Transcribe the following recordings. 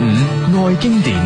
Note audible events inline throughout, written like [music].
五、愛經典。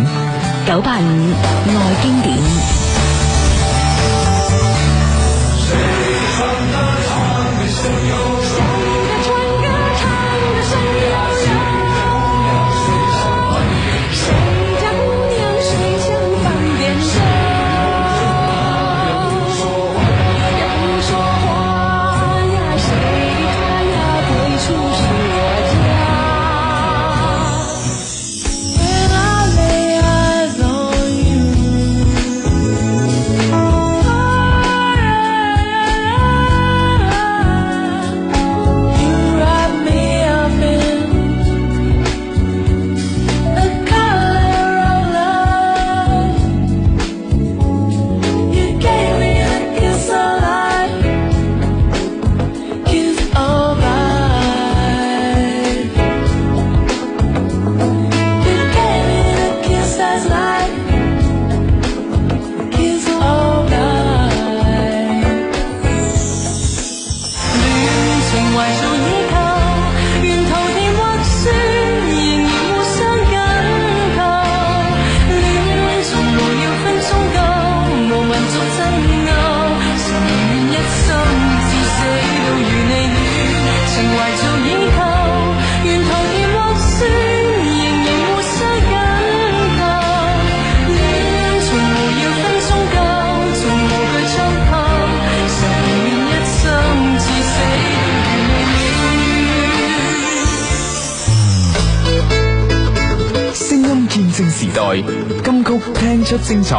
出精彩，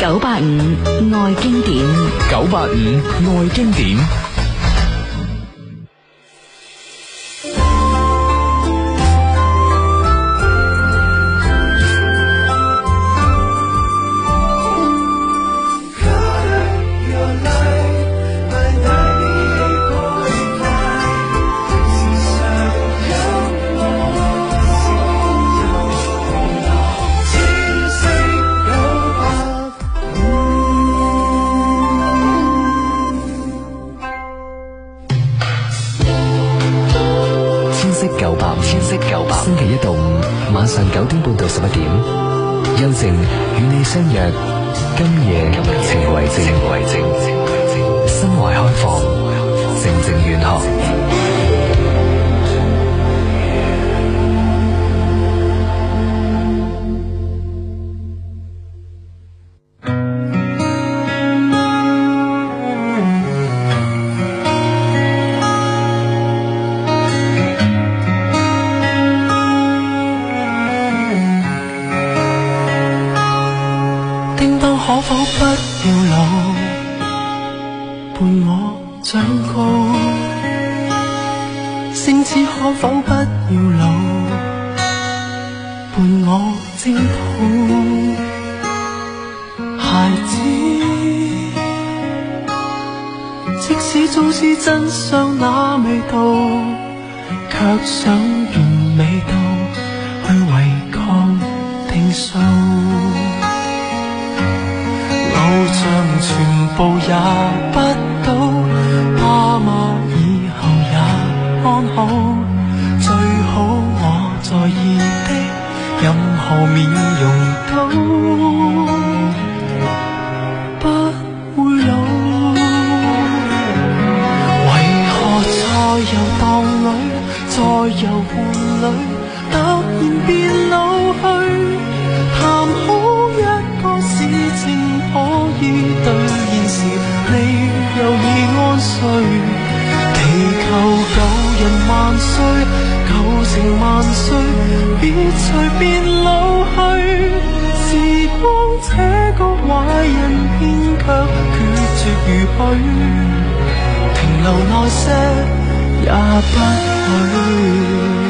九八五愛經典，九八五愛經典。祈求舊人萬歲，舊情萬歲，別隨便老去。時光這個壞人，偏卻決絕如許，停留耐些也不許。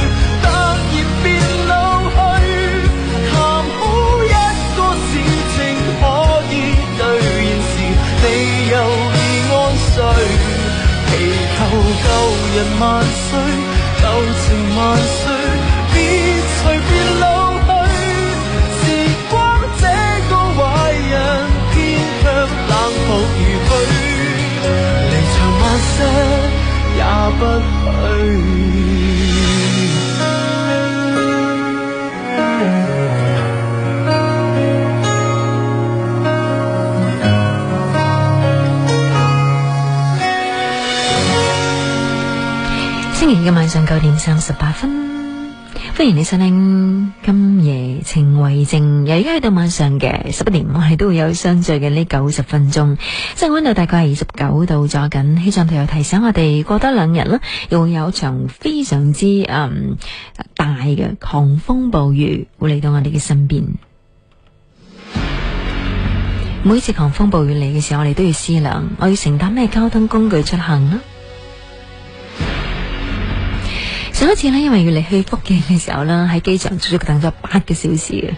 人萬歲，舊情萬歲，別隨便老去。時光這個壞人，偏卻冷酷如許，離場萬些也不許。今日晚上九點三十八分，歡迎你收聽今夜情為證，由而家去到晚上嘅十一點，我哋都會有相聚嘅呢九十分鐘。即係溫度大概係二十九度，咗緊氣象台又提醒我哋過多兩日啦，又會有一場非常之嗯大嘅狂風暴雨會嚟到我哋嘅身邊。每次狂風暴雨嚟嘅時候，我哋都要思量我要承擔咩交通工具出行啦。上次呢，因為要離開福建嘅時候呢，喺機場足足等咗八個小時啊！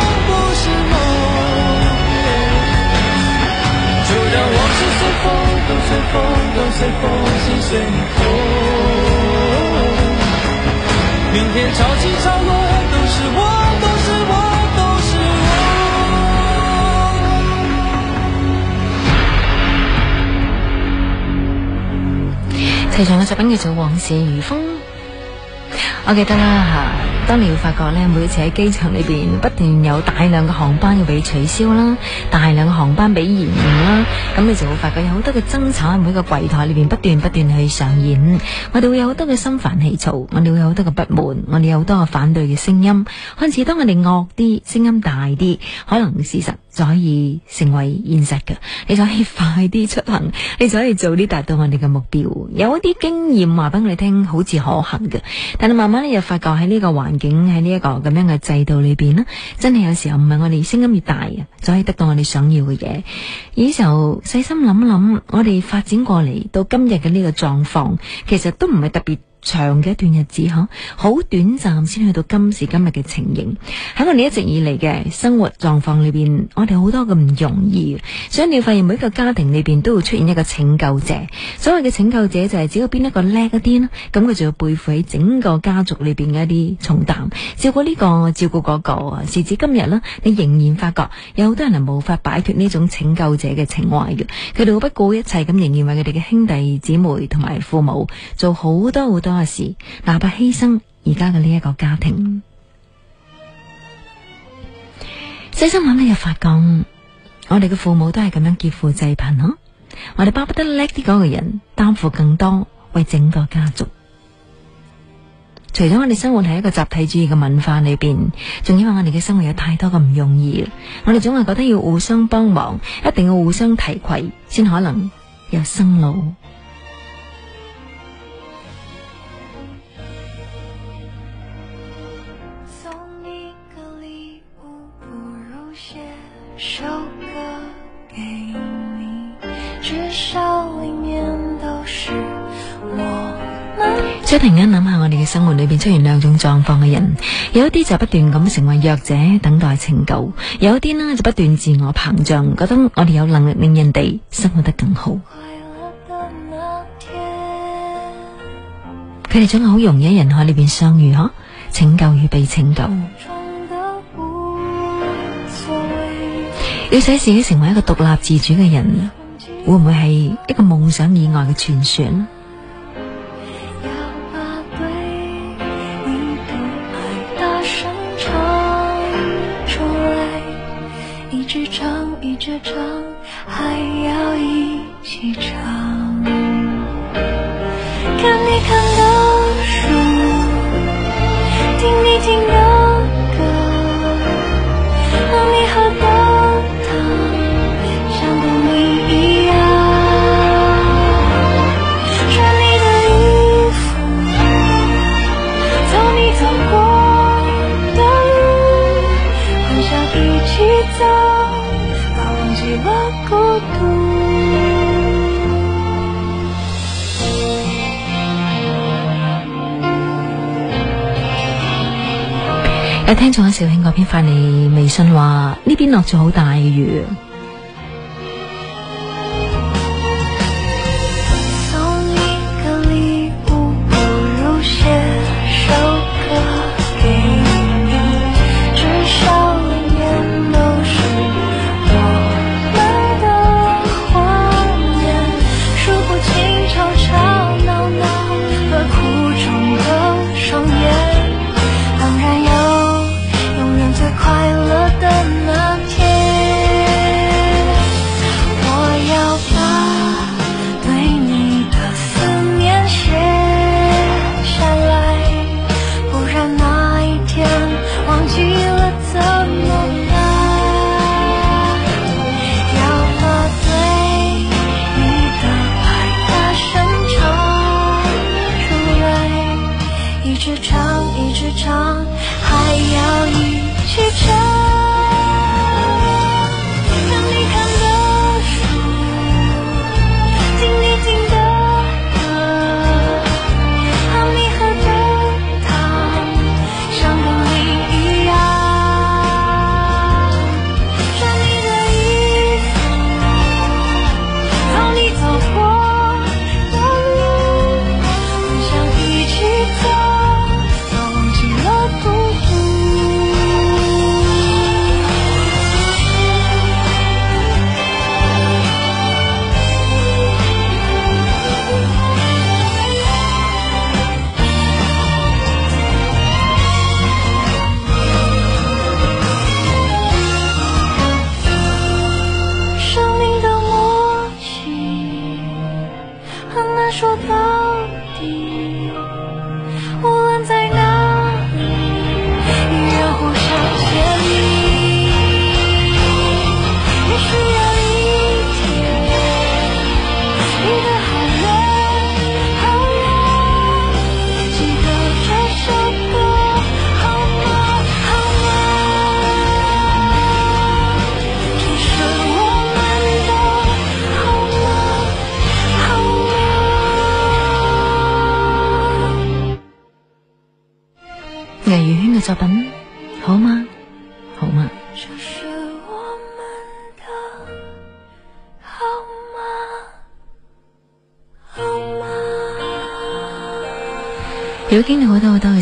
明天潮起潮落，都是我，都是我，都是我。題上嘅作品叫做《往事如風》，我記得啦吓。當你會發覺咧，每一次喺機場裏邊，不斷有大量嘅航班要被取消啦，大量嘅航班被延誤啦。咁你就會發覺有好多嘅爭吵喺每個櫃台裏邊不斷不斷去上演，我哋會有好多嘅心煩氣躁，我哋會有好多嘅不滿，我哋有好多嘅反對嘅聲音，開始當我哋惡啲，聲音大啲，可能事實。就可以成為現實噶，你就可以快啲出行，你就可以早啲達到我哋嘅目標。有一啲經驗話俾我哋聽，好似可行嘅，但係慢慢咧又發覺喺呢個環境，喺呢一個咁樣嘅制度裏邊咧，真係有時候唔係我哋聲音越大啊，就可以得到我哋想要嘅嘢。而係時候細心諗諗，我哋發展過嚟到今日嘅呢個狀況，其實都唔係特別。長嘅一段日子吓，好短暫先去到今時今日嘅情形。喺我哋一直以嚟嘅生活狀況裏邊，我哋好多嘅唔容易。所以你會發現每一個家庭裏邊都會出現一個拯救者。所謂嘅拯救者就係只要邊一個叻一啲咧，咁佢就要背負起整個家族裏邊嘅一啲重擔，照顧呢個照顧嗰個啊。時至今日咧，你仍然發覺有好多人係無法擺脫呢種拯救者嘅情懷嘅，佢哋會不顧一切咁仍然為佢哋嘅兄弟姊妹同埋父母做好多好多。多嘅哪怕犧牲而家嘅呢一個家庭，細心諗諗又發覺，我哋嘅父母都係咁樣劫富濟貧咯。我哋巴不得叻啲嗰個人擔負更多，為整個家族。除咗我哋生活喺一個集體主義嘅文化裏邊，仲因為我哋嘅生活有太多嘅唔容易，我哋總係覺得要互相幫忙，一定要互相提攜，先可能有生路。即係停一諗下，我哋嘅生活裏邊出現兩種狀況嘅人，有一啲就不斷咁成為弱者，等待拯救有一啲呢就不斷自我膨脹，覺得我哋有能力令人哋生活得更好。佢哋總係好容易喺人海裏邊相遇呵，拯救與被拯救。要使自己成為一個獨立自主嘅人，會唔會係一個夢想以外嘅傳說呢？要把對聽眾阿肇慶嗰邊發嚟微信話：呢邊落住好大嘅雨。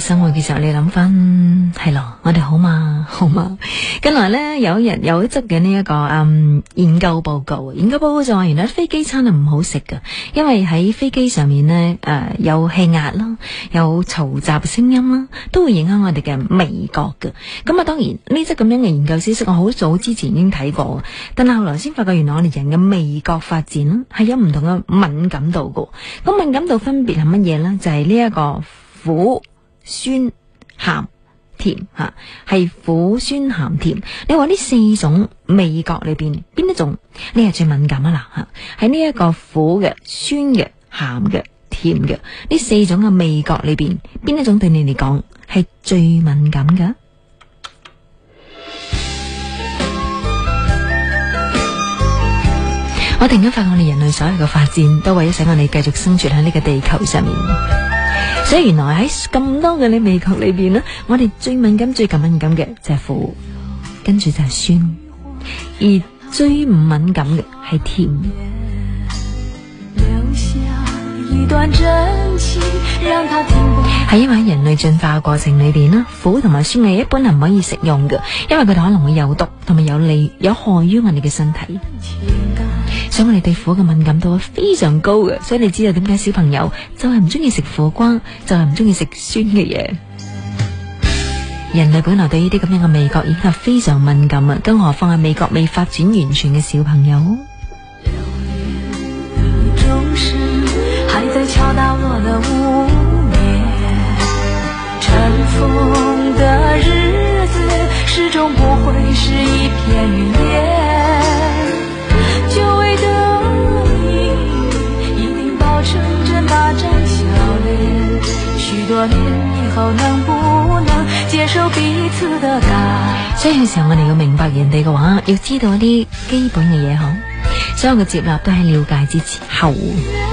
生活嘅時候，你諗翻係咯，我哋好嘛好嘛。近 [laughs] 來呢，有一日有一則嘅，呢一個嗯研究報告，研究報告就話原來飛機餐係唔好食嘅，因為喺飛機上面呢，誒、呃、有氣壓啦，有嘈雜嘅聲音啦，都會影響我哋嘅味覺嘅。咁啊，當然呢則咁樣嘅研究消息，我好早之前已經睇過，但係後來先發覺原來我哋人嘅味覺發展啦，係有唔同嘅敏感度嘅。咁敏感度分別係乜嘢呢？就係呢一個苦。酸、鹹、甜吓，係苦、酸、鹹、甜。你話呢四種味覺裏邊，邊一種你係最敏感啊啦吓？喺呢一個苦嘅、酸嘅、鹹嘅、甜嘅呢四種嘅味覺裏邊，邊一種對你嚟講係最敏感㗎？ [noise] 我突然間發覺，我哋人類所有嘅發展，都為咗使我哋繼續生存喺呢個地球上面。所以原來喺咁多嘅你味覺裏邊咧，我哋最敏感、最敏感嘅就係苦，跟住就係酸，而最唔敏感嘅係甜。係因為人類進化嘅過程裏邊咧，苦同埋酸味一般係唔可以食用嘅，因為佢哋可能會有毒同埋有利有害於我哋嘅身體，所以我哋對苦嘅敏感度係非常高嘅，所以你知道點解小朋友就係唔中意食苦瓜，就係唔中意食酸嘅嘢。人類本來對呢啲咁樣嘅味覺已經係非常敏感啊，更何況係味覺未發展完全嘅小朋友。還在敲打我的無眠，塵封的日子，始終不會是一片雲煙，久違的你一定保存著那張笑臉，許多年以後能不能接受彼此的改變。所以我想我哋要明白人哋嘅話，要知道一啲基本嘅嘢好，所有嘅接納都喺了解之前後。好。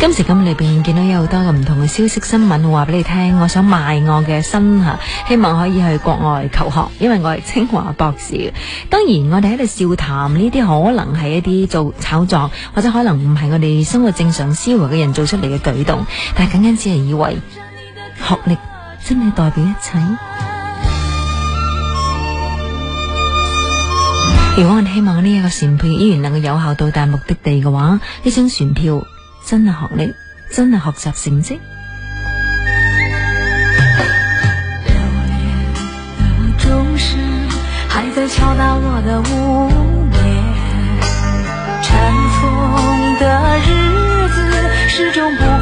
今時今日裏邊見到有好多嘅唔同嘅消息新聞，我話俾你聽，我想賣我嘅身吓，希望可以去國外求學，因為我係清華博士嘅。當然，我哋喺度笑談呢啲，可能係一啲做炒作，或者可能唔係我哋生活正常思維嘅人做出嚟嘅舉動，但係僅僅只係以為學歷真係代表一切。如果我哋希望呢一個船票依然能夠有效到達目的地嘅話，呢張船票真係學歷，真係學習成績。是 [music]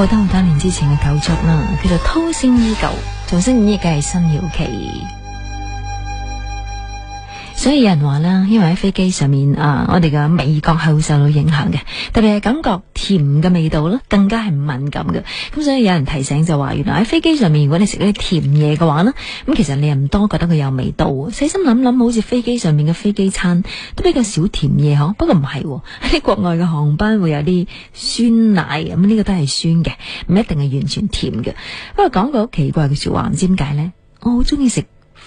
過得好多年之前嘅舊作啦，叫做濤聲依舊，重新演繹嘅係新搖旗。所以有人話咧，因為喺飛機上面啊，我哋嘅味覺係會受到影響嘅，特別係感覺甜嘅味道咧，更加係唔敏感嘅。咁所以有人提醒就話，原來喺飛機上面，如果你食啲甜嘢嘅話呢，咁其實你又唔多覺得佢有味道。細心諗諗，好似飛機上面嘅飛機餐都比較少甜嘢嗬。不過唔係喎，喺國外嘅航班會有啲酸奶，咁呢個都係酸嘅，唔一定係完全甜嘅。不過講句好奇怪嘅說話，唔知點解呢，我好中意食。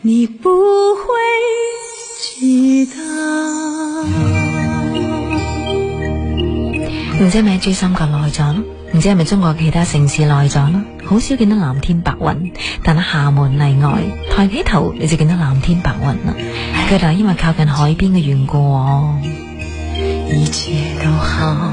你不會知道唔知係咪珠三角內咗，唔知係咪中國其他城市內咗，好、嗯、少見到藍天白雲。但喺廈門例外，抬起頭你就見到藍天白雲啦。佢就係唉因為靠近海邊嘅緣故。一切唉都好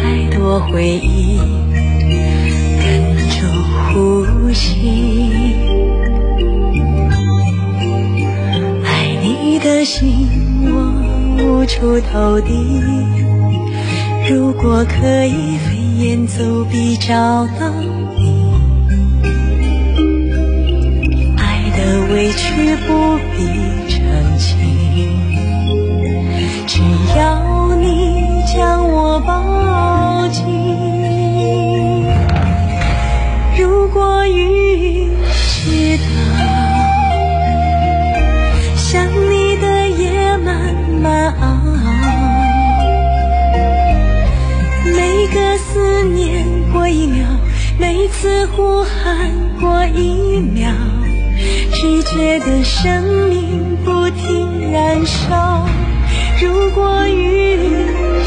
太多回憶，屏住呼吸。愛你的心，我無處投遞。如果可以飛檐走壁找到你，愛的委屈不必澄清，只要你將我抱。雲知道，想你的夜慢慢熬。每個思念過一秒，每次呼喊過一秒，只覺得生命不停燃燒。如果雲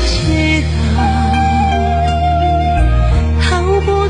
知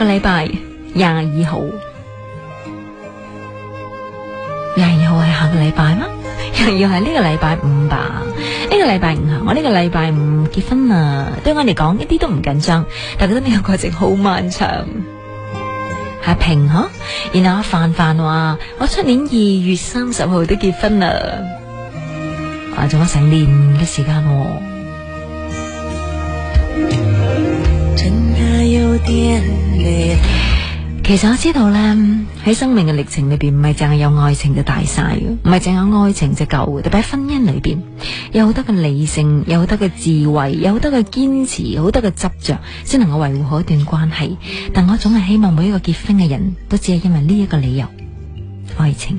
個禮拜廿二,二號，廿二,二號係下個禮拜嗎？又要號係呢個禮拜五吧？呢、這個這個禮拜五，我呢個禮拜五結婚啦。對我嚟講，一啲都唔緊張，但係覺得呢個過程好漫長，係、啊、平嗬。然後阿范范話：我出年二月三十號都結婚啦，話、啊、仲有成年嘅時間喎、啊。真的有點。其實我知道咧，喺生命嘅歷程裏邊，唔係淨係有愛情就大晒嘅，唔係淨係愛情就夠。特別喺婚姻裏邊，有好多嘅理性，有好多嘅智慧，有好多嘅堅持，有好多嘅執着，先能夠維護好一段關係。但我總係希望每一個結婚嘅人都只係因為呢一個理由，愛情。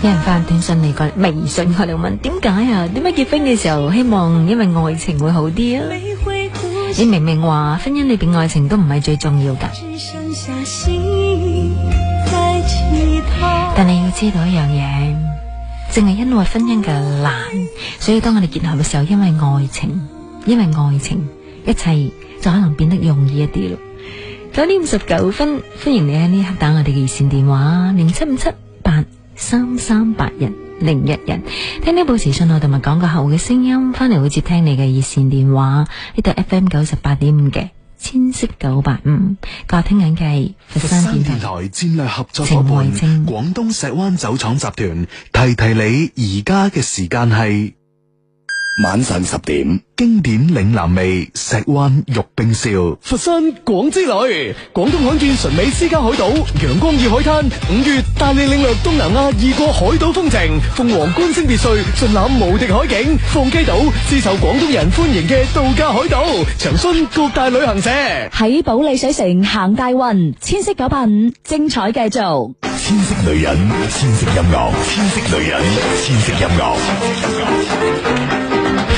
有人發短信嚟，個微信過嚟問點解啊？點解結婚嘅時候希望因為愛情會好啲啊？你明明話婚姻裏邊愛情都唔係最重要噶，但係要知道一樣嘢，淨係因為婚姻嘅難，所以當我哋結合嘅時候，因為愛情，因為愛情，一切就可能變得容易一啲咯。九點五十九分，歡迎你喺呢刻打我哋嘅熱線電話零七五七。三三八人，零一人，聽呢部時訊號，同埋講個客戶嘅聲音，翻嚟會接聽你嘅熱線電話。呢台 FM 九十八點五嘅千色九八五，個聽緊嘅係佛山電台戰略合作伙伴廣東石灣酒廠集團，提提你而家嘅時間係。晚上十點，經典嶺南味，石灣玉冰燒，佛山廣之旅，廣東罕見純美私家海島，陽光與海灘，五月帶你領略東南亞異國海島風情，鳳凰觀星別墅盡覽無敵海景，放雞島是受廣東人歡迎嘅度假海島，查詢各大旅行社。喺保利水城行大運，千色九八五，精彩繼續。千色女人，千色音樂，千色女人，千色音樂。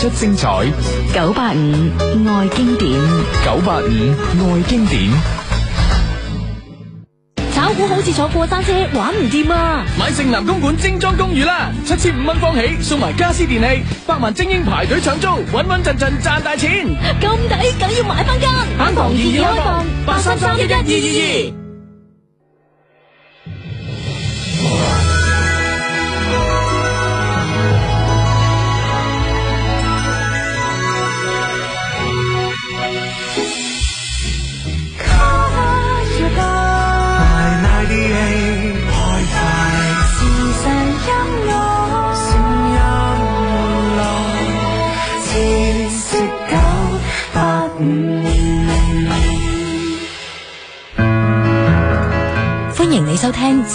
出精彩，九八五愛經典，九八五愛經典。炒股好似坐過山車，玩唔掂啊！買盛南公館精裝公寓啦，七千五蚊方起，送埋家私電器，百萬精英排隊搶租，穩穩陣陣賺大錢。咁抵，梗要買翻間。板房二二開放，八三三一一二二二。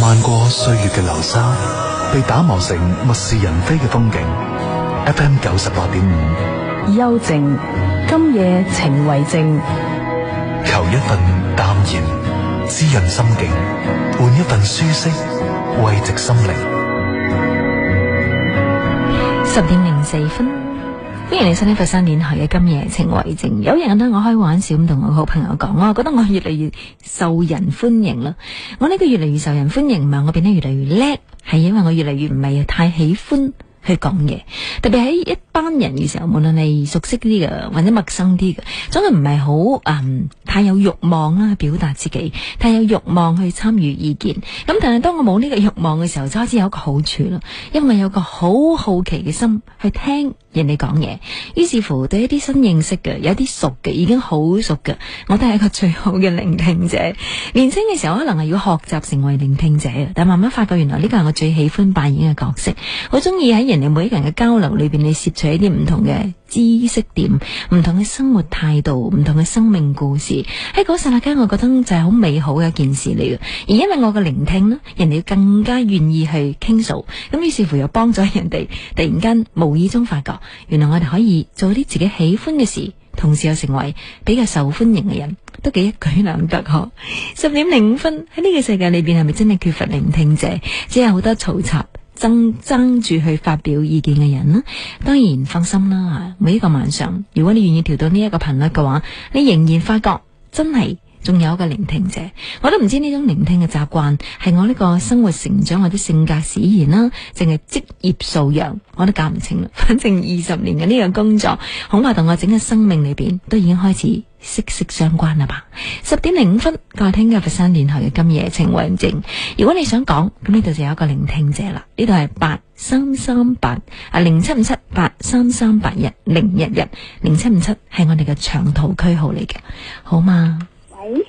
漫過歲月嘅流沙，被打磨成物是人非嘅風景。FM 九十八點五，邱靜，今夜情為證，求一份淡然滋潤心境，換一份舒適慰藉心靈。十點零四分，歡迎你收聽佛山電台嘅《今夜情為證》。有人對我開玩笑咁同我好朋友講，我覺得我越嚟越受人歡迎啦，我呢個越嚟越受人歡迎，唔係我變得越嚟越叻，係因為我越嚟越唔係太喜歡去講嘢，特別喺一班人嘅時候，無論你熟悉啲嘅或者陌生啲嘅，總係唔係好嗯太有欲望啦，去表達自己，太有欲望去參與意見。咁但係當我冇呢個欲望嘅時候，就開始有一個好處咯，因為有個好好奇嘅心去聽。人哋講嘢，於是乎對一啲新認識嘅，有啲熟嘅，已經好熟嘅，我都係一個最好嘅聆聽者。年輕嘅時候可能係要學習成為聆聽者，但慢慢發覺原來呢個係我最喜歡扮演嘅角色。好中意喺人哋每一個人嘅交流裏邊，你攝取一啲唔同嘅知識點、唔同嘅生活態度、唔同嘅生命故事。喺嗰剎那間，我覺得就係好美好嘅一件事嚟嘅。而因為我嘅聆聽咧，人哋更加願意去傾訴，咁於是乎又幫咗人哋。突然間無意中發覺。原來我哋可以做啲自己喜歡嘅事，同時又成為比較受歡迎嘅人，都幾一舉兩得。十點零五分，喺呢個世界裏邊，係咪真係缺乏聆聽者？只有好多嘈雜爭爭住去發表意見嘅人啦。當然放心啦，每一個晚上，如果你願意調到呢一個頻率嘅話，你仍然發覺真係。仲有一個聆聽者，我都唔知呢種聆聽嘅習慣係我呢個生活成長或者性格使然啦，淨係職業素養，我都搞唔清啦。反正二十年嘅呢樣工作，恐怕同我整個生命裏邊都已經開始息息相關啦吧。十點零五分，我聽嘅佛山電台嘅今夜情為證，如果你想講，咁呢度就有一個聆聽者啦。呢度係八三三八啊零七五七八三三八一零一一零七五七係我哋嘅長途區號嚟嘅，好嘛？喂，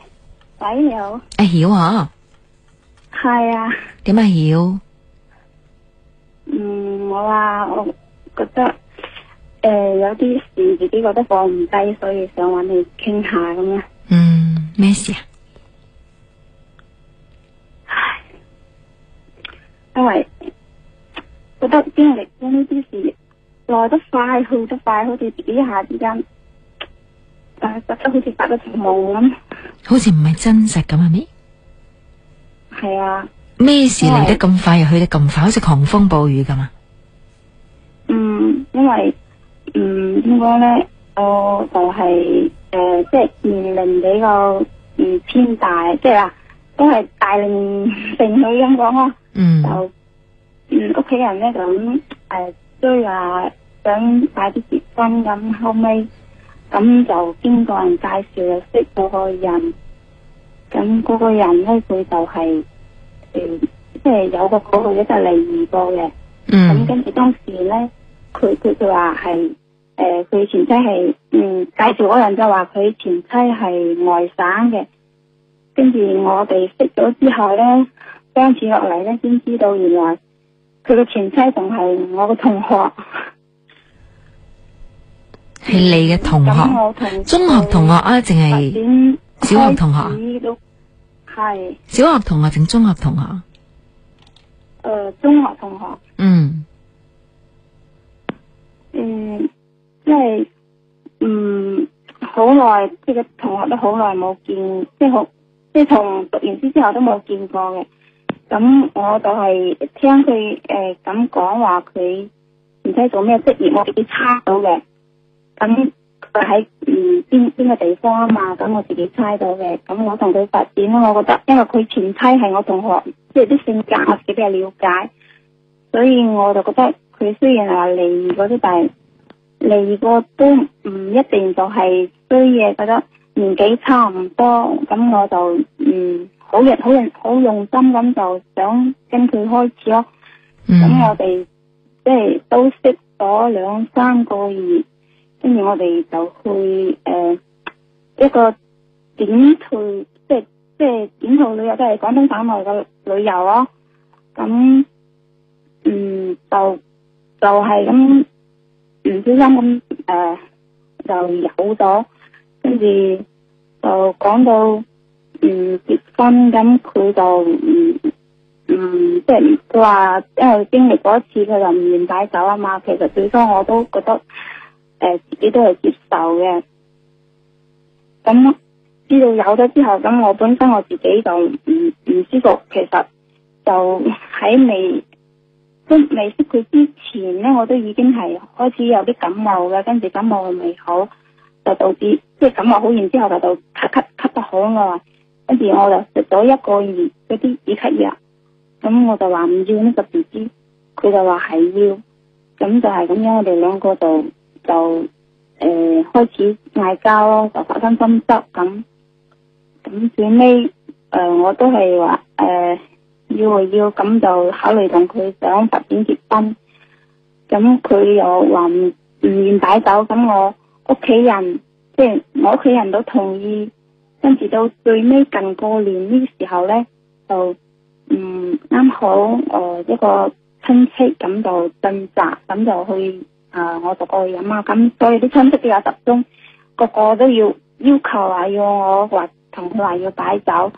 你好，阿曉啊？係啊，點啊，曉、啊，嗯，我話我覺得誒、呃、有啲事自己覺得放唔低，所以想揾你傾下咁樣。嗯，咩事啊？唉、哎，因為覺得經歷咗呢啲事來得快去得快，快好似自己一下之間。但係覺得好似發咗條夢咁，好似唔係真實咁係咪？係啊，咩事嚟得咁快又去得咁快，好似狂風暴雨咁啊？嗯，因為嗯點講咧，我就係誒即係年齡比較嗯偏大，即係話都係大齡剩女咁講咯。嗯，就嗯屋企人咧就咁誒，都係話想快啲結婚咁，後尾。咁就經過人介紹就識嗰個人，咁嗰個人咧佢就係、是，誒、嗯，即、就、係、是、有個寶寶過去嘅就嚟二個嘅，咁、嗯、跟住當時咧，佢佢佢話係，誒，佢、呃、前妻係，嗯，介紹嗰人就話佢前妻係外省嘅，跟住我哋識咗之後咧，相處落嚟咧先知道原來，佢嘅前妻仲係我嘅同學。係你嘅同學，同學中學同學啊，淨係小學同學，係小學同學定中學同學？誒、呃，中學同學。嗯。誒、嗯，即、就、係、是，嗯，好耐，即、就、係、是、同學都好耐冇見，即係好，即係從讀完書之後都冇見過嘅。咁我就係聽佢誒咁講話，佢、呃、唔知做咩職業，我已猜到嘅。咁佢喺嗯邊邊、嗯、個地方啊嘛，咁我自己猜到嘅。咁我同佢發展，我覺得因為佢前妻係我同學，即係啲性格我自己比較了解，所以我就覺得佢雖然係話離異啲，但係離異嗰都唔一定就係衰嘢。覺得年紀差唔多，咁我就嗯好用、好用、好用心咁就想跟佢開始咯。咁、嗯、我哋即係都識咗兩三個月。跟住我哋就去誒、呃、一個短途，即係即係短途旅遊，即係廣東省內嘅旅遊咯、哦。咁嗯就就係咁唔小心咁誒、呃、就有咗，跟住就講到嗯結婚，咁佢就唔唔、嗯嗯、即係佢話因為經歷過一次，佢就唔願擺酒啊嘛。其實最初我都覺得。誒，自己都係接受嘅。咁知道有咗之後，咁我本身我自己就唔唔舒服。其實就喺未識未識佢之前咧，我都已經係開始有啲感冒啦。跟住感冒未好，就導致即係感冒好完之後就，就到咳咳咳得好耐。跟住我就食咗一個月嗰啲止咳藥，咁我就話唔要呢個 BB，佢就話係要，咁就係咁樣，我哋兩個度。就誒、呃、開始嗌交咯，就發生爭執咁，咁最尾誒、呃、我都係話誒要要，咁就考慮同佢想特點結婚，咁佢又話唔唔願擺酒，咁我屋企人即係我屋企人都同意，跟住到最尾近過年呢時候咧就嗯啱好誒、呃、一個親戚咁就進宅咁就去。啊！我獨個去飲啊，咁所以啲親戚比較集中，個個都要要求話，啊，要我話同佢話要擺酒，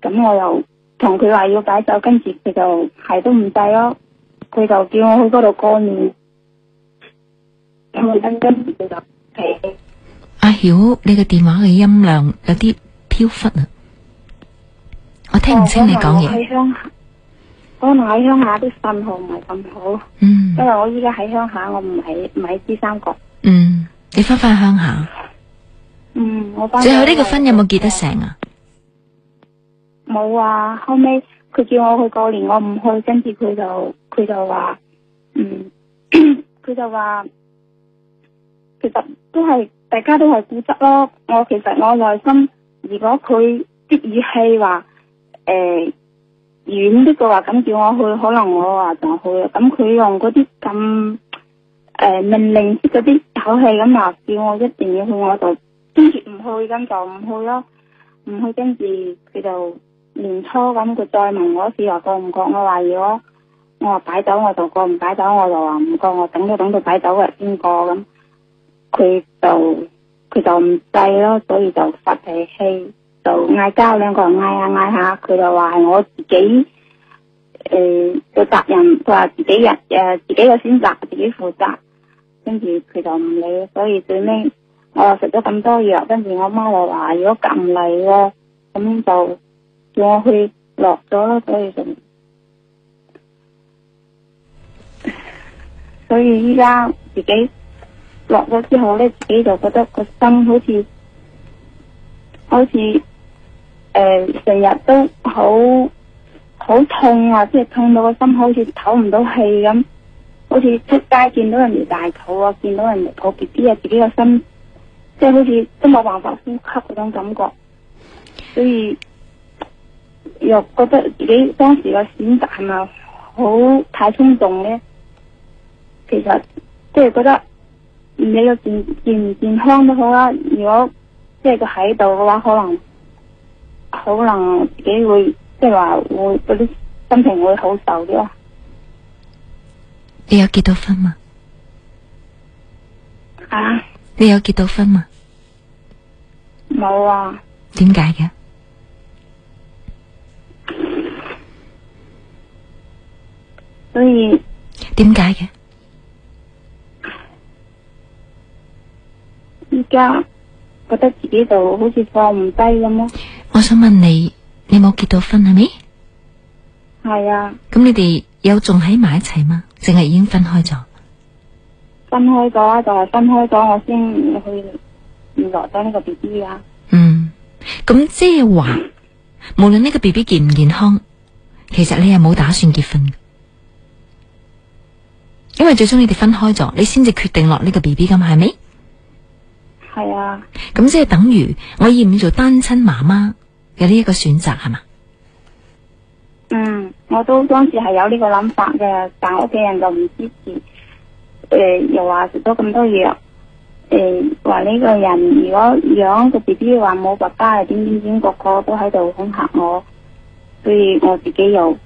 咁我又同佢話要擺酒，跟住佢就係都唔制咯，佢就叫我去嗰度過年。咁跟住佢就，阿曉，你嘅電話嘅音量有啲飄忽啊，我聽唔清你講嘢。啊可能喺鄉下啲信號唔係咁好，嗯，因為我依家喺鄉下，我唔喺唔喺珠三角，嗯，你翻翻鄉下，嗯，我翻最後呢個婚有冇結得成啊？冇、嗯、啊，後尾佢叫我去過年，我唔去，跟住佢就佢就話，嗯，佢 [coughs] 就話，其實都係大家都係固執咯。我其實我內心，如果佢啲語氣話，誒、欸。遠啲佢話，咁叫我去，可能我話就去。咁佢用嗰啲咁誒命令式嗰啲口氣咁話，叫我一定要去，我就堅持唔去，咁就唔去咯。唔去跟住佢就年初咁，佢再問我一次話過唔過，我話如果我話擺酒，我就過，唔擺酒，我就話唔過。我等佢等到擺酒，佢先過咁，佢就佢就唔計咯，所以就發脾氣。叫叫叫叫叫叫就嗌交，兩個人嗌下嗌下，佢就話我自己誒嘅責任，佢、呃、話自己人誒自己嘅選擇，自己負責，跟住佢就唔理，所以最尾我又食咗咁多藥，跟住我媽就話如果隔唔嚟咁就叫我去落咗咯，所以就 [laughs] 所以依家自己落咗之後咧，自己就覺得個心好似好似。誒，成、呃、日都好好痛啊！即係痛到個心好似唞唔到氣咁，好似出街見到人哋大肚啊，見到人哋抱 BB 啊，自己個心即係好似都冇辦法呼吸種感覺。所以又覺得自己當時個選擇係咪好太衝動咧？其實即係覺得唔理佢健健唔健康都好啦，啊。如果即係佢喺度嘅話，可能。可能自己會即係話會嗰啲心情會好受啲咯。你有結到婚嘛？啊！啊你有結到婚嘛？冇啊！點解嘅？所以點解嘅？依家覺得自己就好似放唔低咁咯。我想問你，你冇結到婚係咪？係啊。咁你哋有仲喺埋一齊嗎？淨係已經分開咗。分開咗就係、是、分開咗，我先去落咗呢個 B B 啊？嗯，咁即係話，無論呢個 B B 健唔健康，其實你又冇打算結婚，因為最終你哋分開咗，你先至決定落呢個 B B 噶嘛，係咪？係啊。咁即係等於我要唔要做單親媽媽？有呢一個選擇係嘛？嗯，我都當時係有呢個諗法嘅，但屋企人就唔支持。誒、呃，又話食咗咁多藥，誒、呃，話呢個人如果養個 B B 話冇爸爸點點點個個都喺度恐吓我，所以我自己又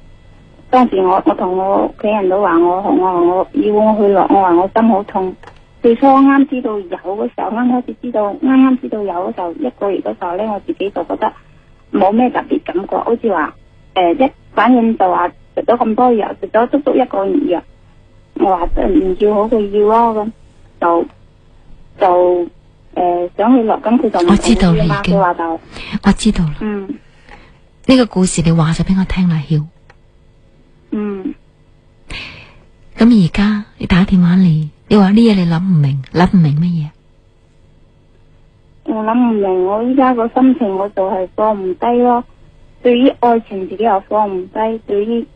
當時我我同我屋企人都話我我我要我去落，我話我,我,我心好痛。最初啱知道有嘅時候，啱開始知道，啱啱知道有嘅時候，一個月嘅時候咧，我自己就覺得。冇咩特別感覺，好似話誒，一、呃、反應就話食咗咁多藥，食咗足足一個月藥，我話唔要好，佢要咯咁，就就誒、呃、想去落金，佢就我知道啦，佢話就我知道啦。嗯，呢個故事你話就俾我聽啦，曉。嗯。咁而家你打電話嚟，你話呢嘢你諗唔明，諗唔明乜嘢？我諗唔明，我依家個心情我就係放唔低咯。對於愛情，自己又放唔低；對於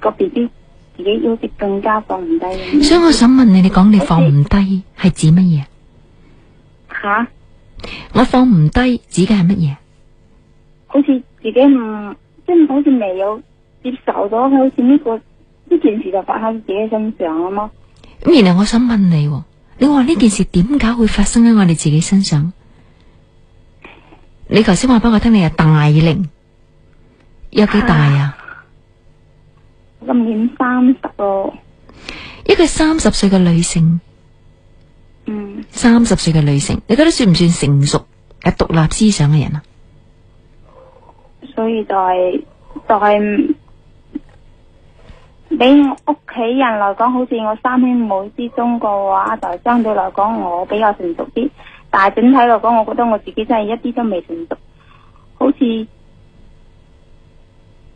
個 B B，自己又好似更加放唔低，嗯。所以我想問你，你講你放唔低係指乜嘢？吓、啊？我放唔低指嘅係乜嘢？好似自己唔即係好似未有接受咗，佢好似呢、這個呢件、這個、事就發喺自己身上咯。咁、嗯，嗯嗯、原來我想問你，你話呢件事點解會發生喺我哋自己身上？你頭先話俾我聽你係大齡，有幾大啊？今年三十咯。一個三十歲嘅女性，嗯，三十歲嘅女性，你覺得算唔算成熟、係獨立思想嘅人啊？所以就係，就係，俾我屋企人嚟講，好似我三兄妹之中嘅話，就係相對嚟講，我比較成熟啲。但係整體嚟講，我覺得我自己真係一啲都未成熟，好似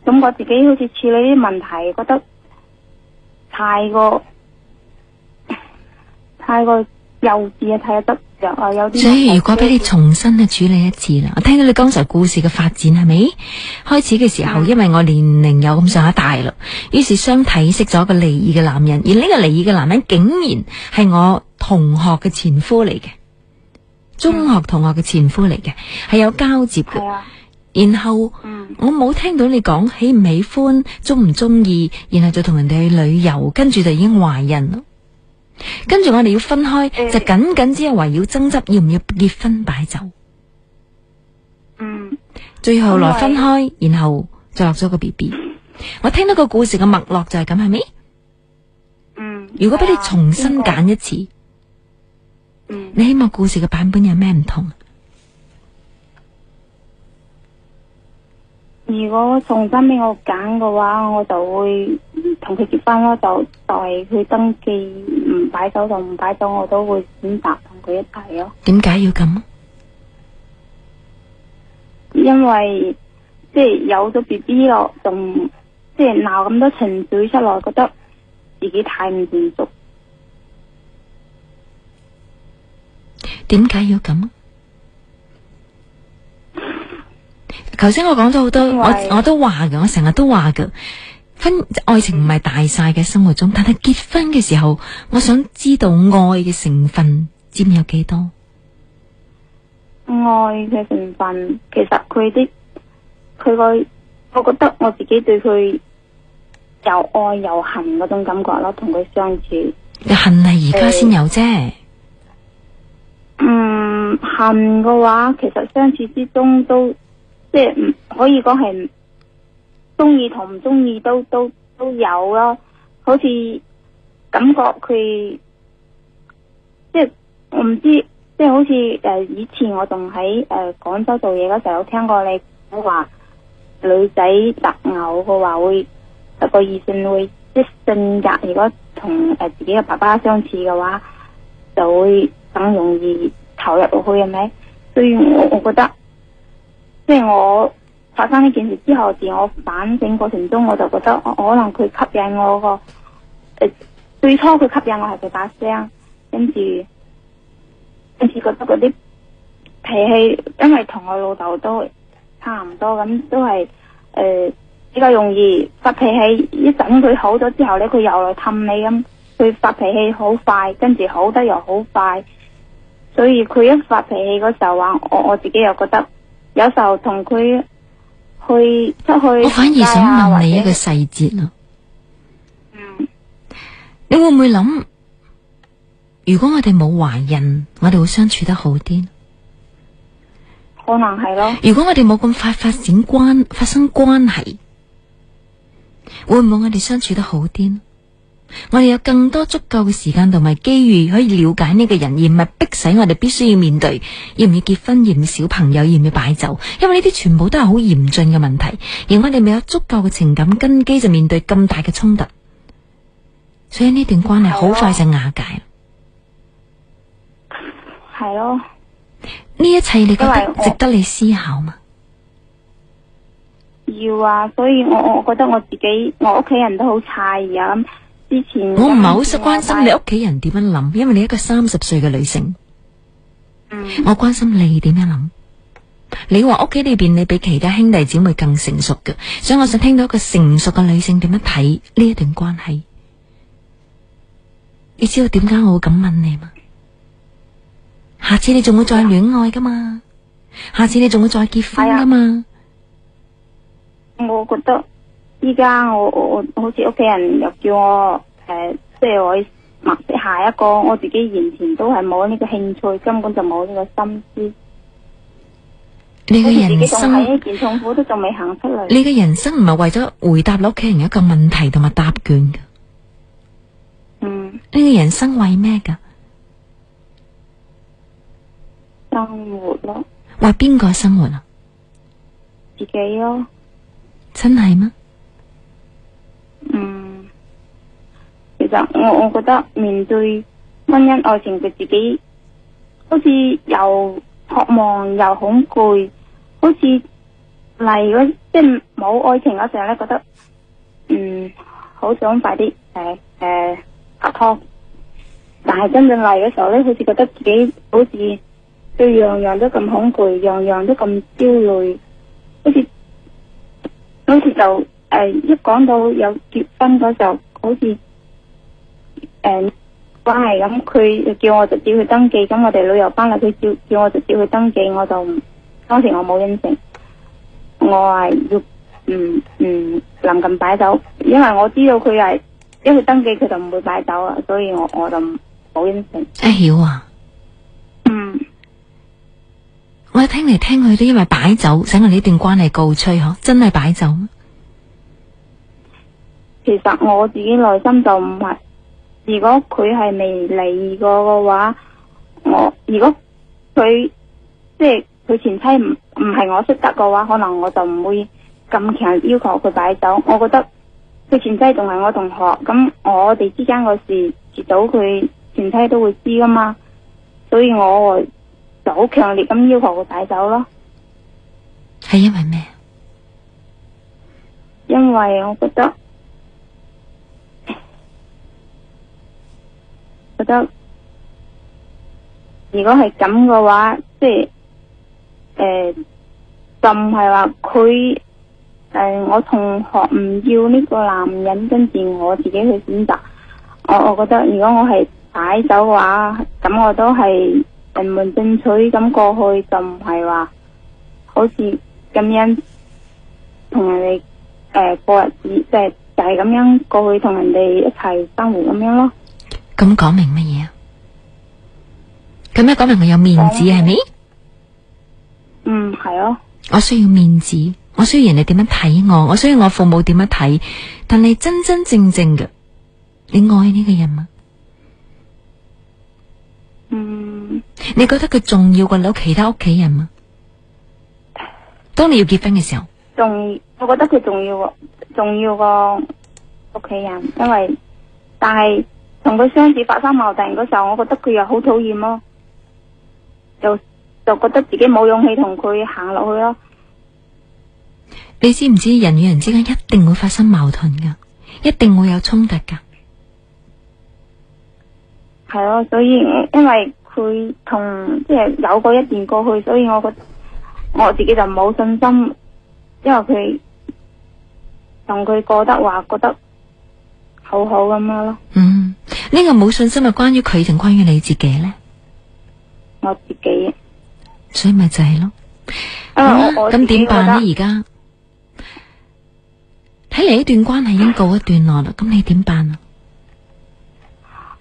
感覺自己好似處理啲問題，覺得太過太過幼稚啊，睇得弱啊，有啲。所以如果俾你重新去處理一次啦，我聽到你剛才故事嘅發展係咪開始嘅時候，的因為我年齡有咁上下大啦，於是相體識咗個離異嘅男人，而呢個離異嘅男人竟然係我同學嘅前夫嚟嘅。中學同學嘅前夫嚟嘅，係有交接嘅。然後我冇聽到你講喜唔喜歡，中唔中意，然後就同人哋去旅遊，跟住就已經懷孕咯。跟住我哋要分開，就僅僅只係圍繞爭執，要唔要結婚擺酒。嗯。最後來分開，然後就落咗個 BB。我聽到個故事嘅脈絡就係咁，係咪？嗯。如果俾你重新揀一次。嗯、你希望故事嘅版本有咩唔同？如果重新俾我揀嘅話，我就會同佢結婚咯，就就係佢登記，唔擺酒就唔擺酒，我都會選擇同佢一齊咯。點解要咁？因為即係有咗 B B 咯，仲即係鬧咁多情緒出嚟，覺得自己太唔成熟。點解要咁？頭先 [laughs] 我講咗好多，為我我都話嘅，我成日都話嘅。婚愛情唔係大晒嘅生活中，但係結婚嘅時候，我想知道愛嘅成分佔有幾多？愛嘅成分，其實佢啲，佢個，我覺得我自己對佢又愛又恨嗰種感覺咯，同佢相處，佢恨係而家先有啫。嗯，含嘅話其實相處之中都，即係唔可以講係中意同唔中意都都都有咯。好似感覺佢即係我唔知，即係好似誒、呃、以前我仲喺誒廣州做嘢嗰時候，有聽過你話女仔特牛嘅話會特個異性會即係性格，如果同誒、呃、自己嘅爸爸相似嘅話就會。咁容易投入落去係咪？所以我我覺得，即係我發生呢件事之後，自我反省過程中，我就覺得，我可能佢吸引我個誒、呃，最初佢吸引我係佢把聲，跟住跟住覺得啲脾氣，因為同我老豆都差唔多，咁都係誒比較容易發脾氣。一等佢好咗之後咧，佢又來氹你咁，佢發脾氣好快，跟住好得又好快。所以佢一發脾氣嗰時候話，我我自己又覺得有時候同佢去出去，我反而想問你一個細節啊：嗯，你會唔會諗，如果我哋冇懷孕，我哋會相處得好啲？可能係咯。如果我哋冇咁快發展關發生關係，會唔會我哋相處得好啲？我哋有更多足夠嘅時間同埋機遇，可以了解呢個人，而唔係逼使我哋必須要面對。要唔要結婚？要唔要小朋友？要唔要擺酒？因為呢啲全部都係好嚴峻嘅問題，而我哋未有足夠嘅情感根基，就面對咁大嘅衝突，所以呢段關係好快就瓦解。係咯，呢一切你覺得值得你思考嗎？要啊，所以我我覺得我自己，我屋企人都好詫異啊。之前我唔係好識關心拜拜你屋企人點樣諗，因為你一個三十歲嘅女性，嗯、我關心你點樣諗。你話屋企裏邊你比其他兄弟姊妹更成熟嘅，所以我想聽到一個成熟嘅女性點樣睇呢一段關係。你知道點解我會咁問你嗎？下次你仲會再戀愛噶嘛下次你仲會再結婚噶嘛、哎？我覺得。依家我我我好似屋企人又叫我誒，即係我認識下一個，我自己完全都係冇呢個興趣，根本就冇呢個心思。你嘅人生，你痛苦都仲未行出嚟？你嘅人生唔係為咗回答你屋企人一個問題同埋答卷噶。嗯。你嘅人生為咩噶？生活咯。為邊個生活啊？自己咯。真係咩？嗯，其實我我覺得面對婚姻愛情嘅自己，好似又渴望又恐懼，好似嚟嗰即係冇愛情時候咧，覺得嗯好想快啲誒誒拍拖，但係真正嚟嘅時候咧，好似覺得自己好似對樣樣都咁恐懼，樣樣都咁焦慮，好似好似就。誒、啊，一講到有結婚嗰時候，好似誒、呃、關係咁，佢叫我直接去登記，咁我哋旅遊班啊，佢叫叫我直接去登記，我就當時我冇應承，我話要唔嗯臨近擺酒，因為我知道佢係一去登記佢就唔會擺酒啊，所以我我就冇應承。阿曉、欸、啊，嗯，我一聽嚟聽去都因為擺酒，使我呢段關係告吹嗬，真係擺酒？其實我自己內心就唔係，如果佢係未嚟過嘅話，我如果佢即係佢前妻唔唔係我識得嘅話，可能我就唔會咁強要求佢擺酒。我覺得佢前妻仲係我同學，咁我哋之間嘅事，接到佢前妻都會知噶嘛，所以我就好強烈咁要求佢擺酒咯。係因為咩？因為我覺得。覺得如果係咁嘅話，即係誒，就唔係話佢誒，我同學唔要呢個男人，跟住我自己去選擇。我、哦、我覺得，如果我係擺酒嘅話，咁、嗯、我都係人門進取咁過去，就唔係話好似咁樣同人哋誒過日子，即、呃、係就係、是、咁樣過去同人哋一齊生活咁樣咯。咁講明乜嘢啊？咁樣講明我有面子係咪？嗯，係咯。嗯啊、我需要面子，我需要人哋點樣睇我，我需要我父母點樣睇。但係真真正正嘅，你愛呢個人嗎？嗯。你覺得佢重要過老其他屋企人嗎？當你要結婚嘅時候。重，我覺得佢重要過，重要過屋企人，因為，但係。同佢相處發生矛盾嗰時候，我覺得佢又好討厭咯，又就，就覺得自己冇勇氣同佢行落去咯，啊。你知唔知人與人之間一定會發生矛盾噶，一定會有衝突噶。係咯，所以因為佢同即係有過一段過去，所以我覺我自己就冇信心，因為佢同佢過得話覺得好好咁樣咯。呢個冇信心係關於佢定關於你自己咧？我自己，所以咪就係咯。咁點辦呢？而家睇嚟，呢段關係已經告一段落啦。咁 [laughs] 你點辦啊？